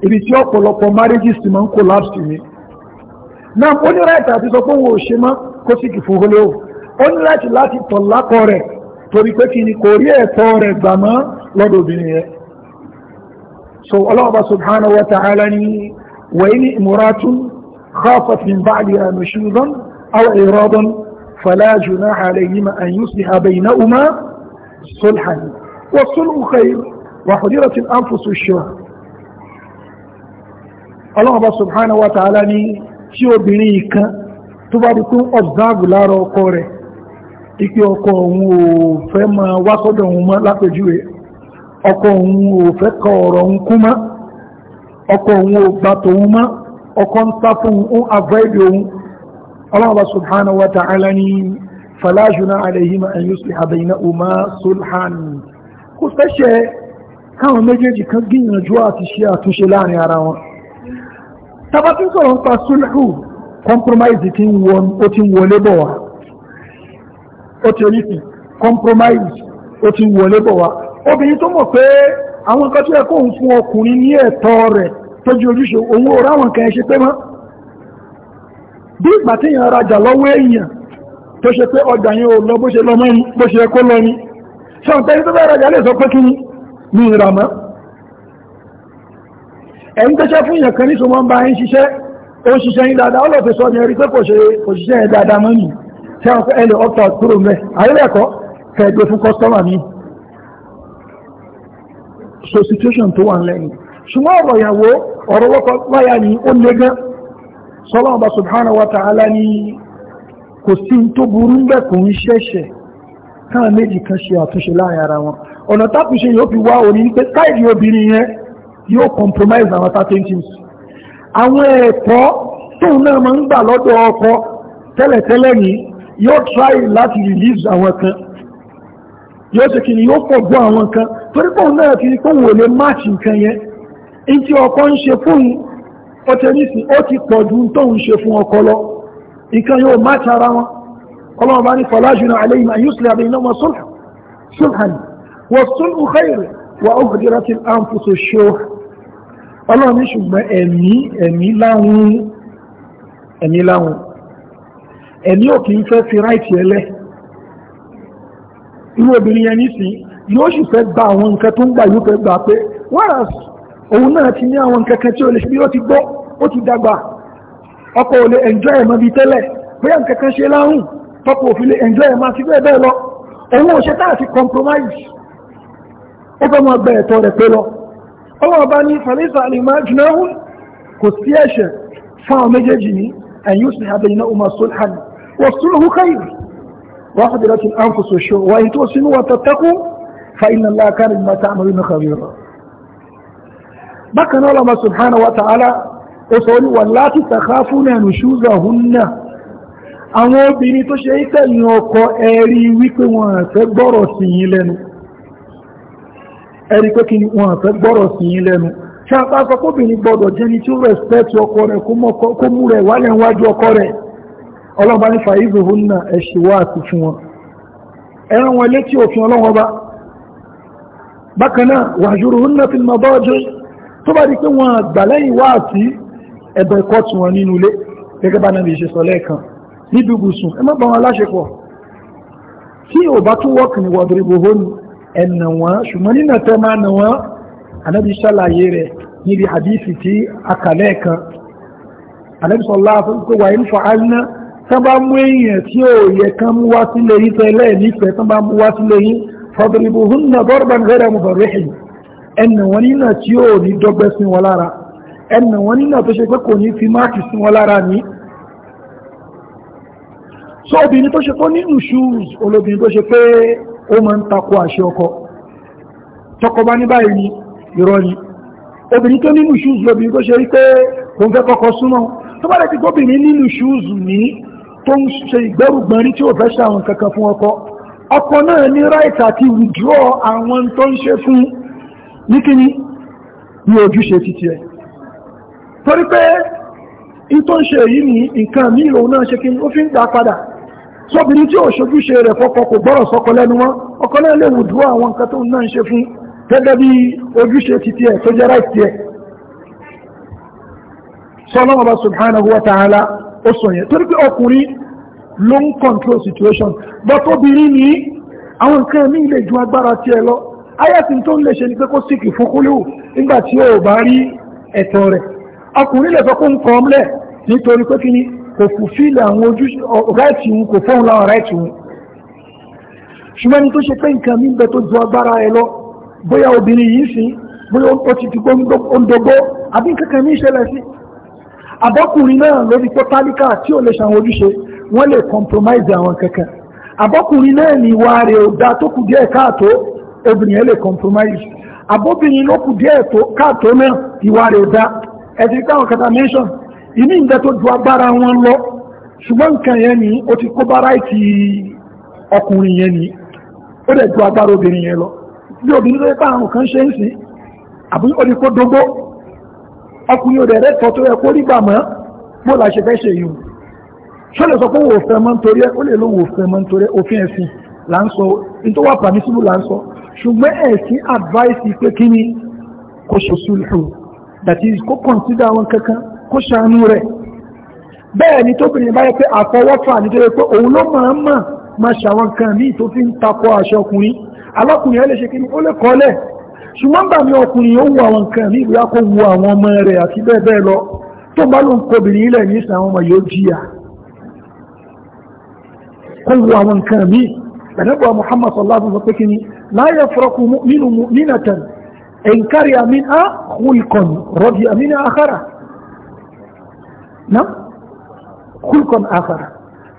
ibi tí ọ̀pọ̀lọpọ̀ marriages ti ma ń collapse ni náà ó ní right àti sọ pé òun ò ṣe mọ́ kó sì kì fún olówó ó ní right láti tọ̀ lákọ rẹ̀ torí pé kí ni kò rí ẹ̀tọ́ rẹ̀ gbà mọ́ lọ́dọ̀ obìnrin yẹn so pe oun o se ma ko si ki fun olowo o ni lati lati to lako re tori pe ki ni ko ri eto re gba mo lodo obinrin yen so olooba subhanahu wa ta'ala ni wẹ̀yìn ìmúratún khafat min ba'liha nushuzan aw iradan فلا جناح عليهما wa sulhu بينهما wa والصلح خير وحضرت الأنفس الشهر ọlọ́ọ̀bá subhanahu wa ta'ala ní tí obìnrin ìkan tó bá di tó ń observe lára ọkọ rẹ̀ ipe ọkọ òun ò fẹ́ máa wá sọ́dọ̀ òun mọ́ lápèjúwe ọkọ òun ò fẹ́ kọ ọ̀rọ̀ òun kú mọ́ ọkọ òun ò gbà tòun mọ́ ọkọ ń sá fún òun avoid òun ọlọ́ọ̀bá subhanahu wa ta'ala ní fala juna alayhima an yusliha baynahuma sulhan kò sẹ́ṣẹ̀ káwọn méjèèjì kan gbìyànjú àti ṣe àtúnṣe láàrin ara wọn tàbá tí ń sọ̀rọ̀ ń pa sulhu compromise ti ń wọ ó ti ń wọlé bọ̀ wá ó ti rí sí compromise ó ti ń wọlé bọ̀ wá obìnrin tó mọ̀ pé àwọn nǹkan tó yẹ kóun fún ọkùnrin ní ẹ̀tọ́ rẹ̀ tójú ojúṣe òun ò ráwọn kan ṣe pé mọ́ bí ìgbà tí èèyàn rajà lọ́wọ́ èèyàn tó ṣe pé ọjà yẹn ò lọ bó ṣe lọ mọ́ bó ṣe kó lọ ni ṣe ọ̀tẹ́ni rajà lè sọ pé kí ni mi ìràmọ́ ẹ̀yìn tẹ́ṣẹ́ fún ìyàn kan nítorí wọ́n bá ń ṣiṣẹ́ ó ń ṣiṣẹ́ yín dáadáa ọlọ́pẹ́ sọ ni ẹ̀rí pé kò ṣe òṣìṣẹ́ yẹn dáadáa mọ́ nì tí a fẹ́ ẹlẹ́ opt kúrò mẹ́ àríwẹ̀kọ́ kẹgbẹ́ fún kọ́sítọ́mà mi so situation tó wà lẹ́yìn ṣùgbọ́n ọ̀rọ̀ ìyàwó ọ̀rọ̀ láyà ó lé wa ta'ala ni kò sí tó burú kò ń ṣẹ̀ṣẹ̀ káà méjì kan ṣe àtúnṣe láàárín ara wọn ọ̀nà tápùṣe yóò fi wá òní pé yóò compromise àwọn certain things àwọn ẹ̀kọ́ tóun náà máa ń gbà lọ́dọ̀ ọkọ tẹ́lẹ̀tẹ́lẹ̀ ní yóò try láti release àwọn kan yóò ṣe kí ni yóò pọ̀ gbọ́ àwọn kan torí pòun náà ti pòun ò lè match nǹkan yẹn in tí ọkọ ń ṣe fún ọtẹ́lísì ó ti pọ̀ ju tóun ṣe fún ọkọ lọ nǹkan yóò match ara wọn ọlọ́run bá ní fọláṣùnà àlẹ́yìn àyùsùlẹ̀ àbẹ̀yìn náà wọ́n sọ́lá sọ́lá ni wọ́n sọ́lá wà ó fìdíra ti àǹfùsù ṣó ọlọ́run ní ṣùgbọ́n ẹ̀mí ẹ̀mí láwọn ẹ̀mí láwọn ẹ̀mí ò kì í fẹ́ fi ráìtì ẹlẹ́ irú obìnrin yẹn nísìn yóò sì fẹ́ gba àwọn nǹkan tó ń gbà yóò fẹ́ gbà pé wàrà òun náà ti ní àwọn nǹkan kan tí ó lè bí ó ti gbọ́ ó ti dàgbà ọkọ ò lè enjoy ẹ̀mọ́ bíi tẹ́lẹ̀ bóyá nǹkan kan ṣe láhùn tọ́pọ̀ òfin lè enjoy ẹ̀mọ́ àti bẹ́ẹ̀ bẹ́ẹ̀ lọ òun ò ṣe táà ti compromise ó fẹ́ máa gba ẹ̀tọ́ rẹ̀ pé lọ ọlọ́wọ́ bá ní fàlẹ́sà àlìmájúnáhùn kò sí ẹ̀ṣẹ̀ fáwọn méjèèjì ní ẹ̀yìn òsìn abẹ́yìn náà umar sulhan wọ́n sulhu khair wọ́n àwọn obìnrin tó ṣe é tẹ̀yìn ọkọ ẹ̀rí wípé wọn àfẹ́ gbọ́rọ̀ sí yín lẹ́nu ẹ̀rí pé kí wọ́n fẹ́ gbọ́rọ̀ sí yín lẹ́nu ṣáàpá sọ kóbìnrin gbọ́dọ̀ jẹ́ni tí ó respect ọkọ rẹ̀ kó mú rẹ̀ wálẹ̀ wájú ọkọ rẹ̀ ọlọ́ba ní fàyíṣù húnna ẹ̀ṣì wá àti fún wọn ẹran wọn létí òfin ọlọ́wọ́ bá bákan náà wàjúrò húnna fi mọ̀ bọ́ọ̀jọ́ tó bá di pé wọn àgbà lẹ́yìn wá àti ẹ̀bẹ̀ ẹ̀kọ́ tí wọn nínú ilé gẹ́gẹ́ ẹ̀nà wọn ṣùgbọ́n nínà tẹ́ máa nà wọn anábì ṣàlàyé rẹ̀ níbi hadithi tí a kàlẹ́ kan anábì sọlá pé wà ní fàájúná tán bá mú èèyàn tí ó yẹ kán mú wá sílé yín tẹ́lẹ̀ nífẹ̀ẹ́ tán bá mú wá sílé yín fọ́dúrìbù húnnà dọ́rọ̀bà gẹ́rẹ́ mu bẹ̀rẹ̀ ẹ̀yìn ẹ̀nà wọn nínà tí ó ní dọ́gbẹ́ sí wọn lára ẹ̀nà wọn nínà tó ṣe pé kò ní fi máàkì sí wọn lára ní so obìnrin tó ṣe pé ní nṣúùs olóbìnrin tó ṣe pé ó máa ń takò àṣẹ ọkọ tọkọ ní báyìí ni irọ́ ni obìnrin tó nínú ṣúùzù lóbìnrin tó ṣe rí pé òun fẹ́ kọ́kọ́ súnmọ́ tó bá lẹ́tí gómìnrin nínú ṣúùzù ní tó ń ṣe ìgbẹ́rùgbọ́n rí tí ó fẹ́ ṣàwọn kankan fún ọkọ ọkọ náà ní right àti withdraw àwọn tó ń ṣe fún ní kíní ní ojúṣe títí ẹ̀ torí pé in tó ń ṣe yìí ní nǹkan mílò náà ṣe kí ó fi ń gbà padà sóbìnrin tí ò ṣojúṣe rẹ̀ fọ́kọ kò gbọ́rọ̀ sọ́kọ lẹ́nu mọ́ ọkọ náà lè wùdú àwọn nǹkan tó náà ń ṣe fún gẹ́gẹ́ bí ojúṣe títí ẹ̀ tó jẹ́ ráìtì ẹ̀ sọlọ́mọba subhanahu wa ta'ala ó sọ yẹn torí control situation but obìnrin ní àwọn mi lè ju agbára tiẹ̀ lọ ni pé kó sìkì fún kúlíwù nígbà tí ó bá rí ẹ̀tọ́ rẹ̀ ni kò fulfill àwọn ojú ráìtì wọn kò fóun láwọn ráìtì wọn ṣùgbọ́n ní tó ṣe pé nǹkan mi ń bẹ tó ju agbára ẹ lọ bóyá obìnrin yìí sí bóyá ó ti dìgbò òǹdògbò àbí kankan ní ìṣẹ̀lẹ̀ sí abọ́kùnrin náà lórí pọ́tálíkà tí ò lè ṣàwọn ojúṣe wọ́n lè compromise àwọn kankan abọ́kùnrin náà ní ìwà rẹ̀ ò dá tó kù díẹ̀ káàtó obìnrin ẹ̀ lè compromise abóbìnrin ló kù díẹ̀ káàtó náà ìwà rẹ̀ ò dá ẹ̀sìn káwọn kata mention ìní nǹkan tó ju agbára wọn lọ ṣùgbọ́n nǹkan yẹn ni ó ti kó bá ráìtì ọkùnrin yẹn ni ó dẹ̀ ju agbára obìnrin yẹn lọ bí obìnrin tó yẹ pé àrùn kan ṣe ń sìn àbí ó ti kó dógó ọkùnrin ò dẹ̀ rẹ́tọ̀ tó yẹ kó rí gbà mọ́ bó la ṣe fẹ́ ṣe yìí ṣó lè sọ pé wò fẹ́ mọ́ nítorí ẹ ó lè ló wò fẹ́ mọ́ nítorí òfin ẹ̀sìn là ń sọ nítorí wà pàmísìbù là ń sọ ṣùgbọ́n ẹ̀sìn advice pé kí ni kò ṣe sulhu that is kó consider wọn kankan kó ṣàánú rẹ̀ bẹ́ẹ̀ ni tó bìnrin báyẹ̀ pé àfọwọ́fà nítorí pé òun ló máa ń mà máa ṣàwọn kan ní tó fi ń takọ àṣẹ ọkùnrin alákùnrin ẹ lè ṣe kíni ó lè kọ́lẹ̀ ṣùgbọ́n bàmí ọkùnrin yóò wu àwọn nǹkan ní ìlú akó wu àwọn ọmọ rẹ̀ àti bẹ́ẹ̀ bẹ́ẹ̀ lọ tó bá ló ń kọbìnrin ilẹ̀ ní ìsìn àwọn ọmọ yóò jìyà kó wu àwọn nǹkan mí ẹ̀nẹ́gbà Muhammad sallallahu alaihi wasallam pé kíni la yafraqu mu'minun mu'minatan in kariha minha khulqan radiya minha akhara náà kúlùkọ́n àkàrà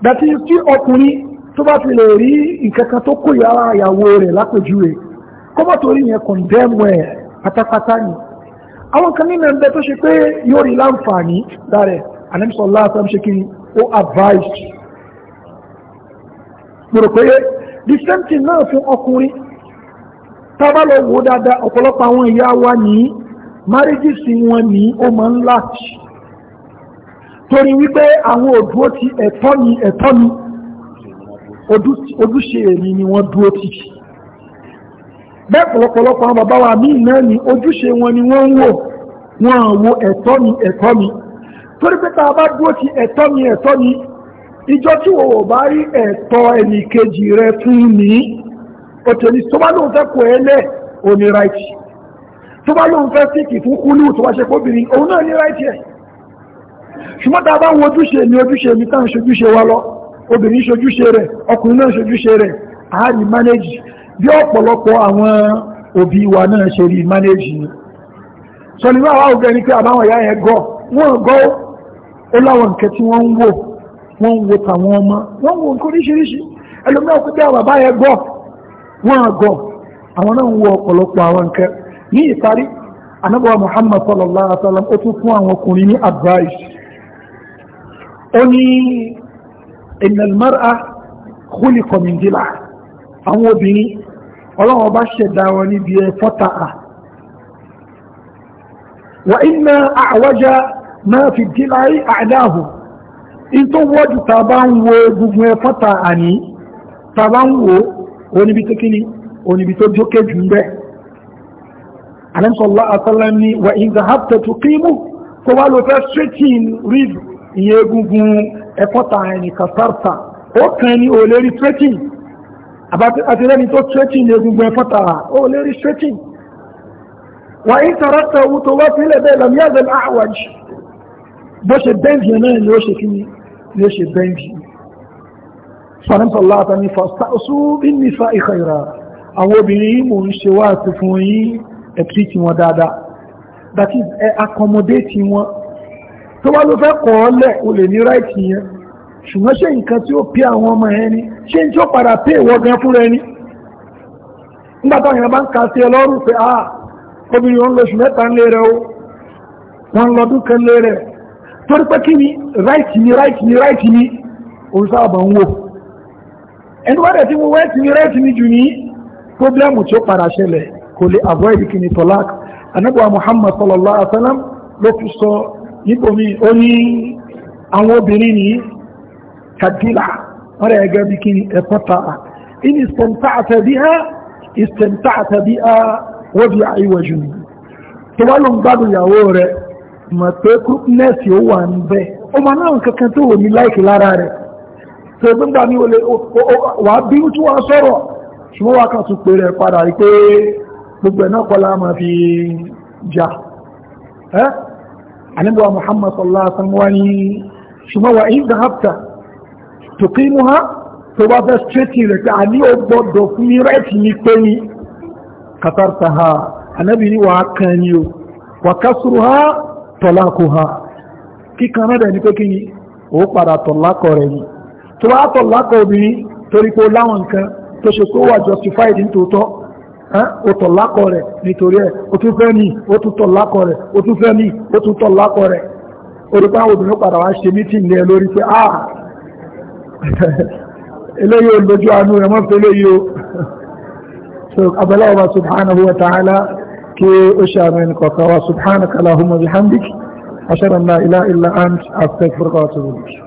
dàtí tí ọkùnrin tó bá fi lè rí ìkẹ́kẹ́ tó kó yàrá ìyàwó rẹ̀ lápèjúwe kọ́mọ̀tòrí yẹn kọ̀ndẹ́mù ẹ̀ pátápátá ni àwọn kan nínú ẹgbẹ́ tó ṣe pé yóò rí láǹfààní dárẹ̀ anẹ́mísọ̀lá àtàmṣe kí ó advice mo rò pé the same thing náà fún ọkùnrin tábà lọ wò dáadáa ọ̀pọ̀lọpọ̀ àwọn ìyá wa ní marriages wọn ní ó máa ń láti torí wípé àwọn òdúró ti ẹ̀tọ́ mi ẹ̀tọ́ mi ojúṣe èmi ni wọ́n dúró ti bẹ́ẹ̀ pọ̀lọpọ̀lọpọ̀ àwọn bàbá wa míì náà ni ojúṣe wọn ni wọ́n ń wò wọ́n wo ẹ̀tọ́ mi ẹ̀tọ́ mi torí pé tá a bá dúró ti ẹ̀tọ́ mi ẹ̀tọ́ mi ìjọ tí o ò bá rí ẹ̀tọ́ ẹnì kejì rẹ fún mi òtẹ̀lí tó bá lóun fẹ́ kó ẹ lẹ̀ ò ní ráìtì tó bá lóun fẹ́ síkì fún kúlù tó bá ṣe kóbìnrin òun náà ní ráìtì ẹ̀ ṣùgbọ́n tá a bá ń wojúṣe ní ojúṣe ní tá ń ṣojúṣe wa lọ obìnrin ṣojúṣe rẹ̀ ọkùnrin náà ṣojúṣe rẹ̀ àárí manage bí ọ̀pọ̀lọpọ̀ àwọn òbí wa náà ṣe rí manage ni sọ ni wọ́n àwọn ẹni pé àbáwọn ìyá yẹn gọ́ wọ́n gọ́ ó láwọn nǹkan tí wọ́n ń wò wọ́n ń wo tàwọn ọmọ wọ́n ń wo nǹkan oríṣiríṣi ẹlòmíràn kó bí àwọn bàbá yẹn gọ́ wọ́n gọ́ àwọn náà ń wo ọ̀pọ̀lọpọ̀ àwọn Muhammad sallallahu alaihi wa sallam ó tún fún àwọn ọkùnrin ní advice ó ní ìnàlmọ́ra kúlì kọ̀mìndínlá àwọn obìnrin ọlọ́wọ́ bá ṣẹ̀dá wọn níbi ẹ fọ́ta à wà iná àwọ́já máa fi dínlá àdáhù in tó wọ́dù tàbá ń wo gbogbo ẹ fọ́ta àní tàbá ń wo oníbi tó kíní oníbi tó jókè jù ń bẹ́ alẹ́sọ̀lá àtọ́lá ní wà ìgbà haptẹ̀ kó wá lọ fẹ́ straighten rib ìyẹn egungun ẹ̀kọ́ta ẹni kàtàrtà ó kàn ní olérí stretching àti lẹ́ni tó stretching egungun ẹ̀kọ́ta olérí stretching wà ní tàràtà owó tó wá sílẹ̀ bẹ́ẹ̀ lọ yàtọ̀ àwàj bó ṣe bẹ́ǹdì náà ni ó ṣe kí ni ó ṣe bẹ́ǹdì sọ̀rọ̀mùsọ̀lá àtàní fọ́sà ọ̀sù bí nìfà ìkàrà àwọn obìnrin yìí mò ń ṣe wá àti fún yín ẹ̀tí tí wọ́n dáadáa that is ẹ accommodate wọn tó bá ló fẹ́ kọ́ ọ lẹ̀ o lè ní ráìtì yẹn ṣùgbọ́n ṣé nǹkan tí ó pé àwọn ọmọ yẹn ni ṣé n tí ó padà pé ìwọ gan fúnra ẹni nígbà táwọn èèyàn bá ń ka sí ẹ lọ́rùn pé ah obìnrin òun lóṣù mẹ́ta ń lé rẹ o wọ́n lọ́dún kan lé rẹ torí pé kí ni ráìtì ni ráìtì ni ráìtì ni òun sábà ń wò ẹni wá dẹ̀ tí mo ráìtì ni ráìtì ni jù ní pọ́blẹ́mù tí ó padà ṣẹlẹ̀ kò lè avoid kí ni tọ́lák anábọ̀ Muhammad sallallahu alaihi wa sallam ló fi sọ nípòmí ó ní àwọn obìnrin ní kàdílà wọ́n rẹ̀ gẹ́gẹ́ bí kí ni ẹ̀kọ́ta in istamta'ta biha istamta'ta biha wọ́bí àìwọ̀jù tó wá ló ń gbádùn ìyàwó rẹ̀ mọ̀ pé kúrúkúnẹ́sì ó wà ń ó máa náà kankan tó wò ní láìkì lára rẹ̀ tó gbígbà ní olè wà á bí tí wọ́n sọ̀rọ̀ ṣùgbọ́n wà kà tún rẹ̀ padà rí pé gbogbo ẹ̀ náà kọ́lá máa fi jà ẹ́ ànábì wa muhammad sallallahu alaihi wa ni ṣùgbọ́n wa in dhahabta tuqimuha tó bá fẹ́ straighti rẹ̀ pé àní ó gbọ́dọ̀ fún mi rẹ́ẹ̀tì mi pé ni qatartaha ànábì ni wàá kan ni o wa kasruha talaquha kíkan náà dẹ̀ ní pé kí ni ó padà tọ̀lákọ̀ rẹ̀ ni tó bá tọ̀lákọ̀ obìnrin torí pé ó láwọn nǹkan tó ṣe kó wà justified nítòótọ́ ó tọ̀ lákọ̀ rẹ̀ nítorí ẹ̀ ó tún fẹ́ ní ó tún tọ̀ lákọ̀ rẹ̀ ó tún fẹ́ ní ó tún tọ̀ lákọ̀ rẹ̀ orúkọ àwọn obìnrin padà wá ṣe mítì ilẹ̀ lórí pé ah *laughs* eléyìí ò lójú àánú rẹ̀ mọ́ fẹ́ o *laughs*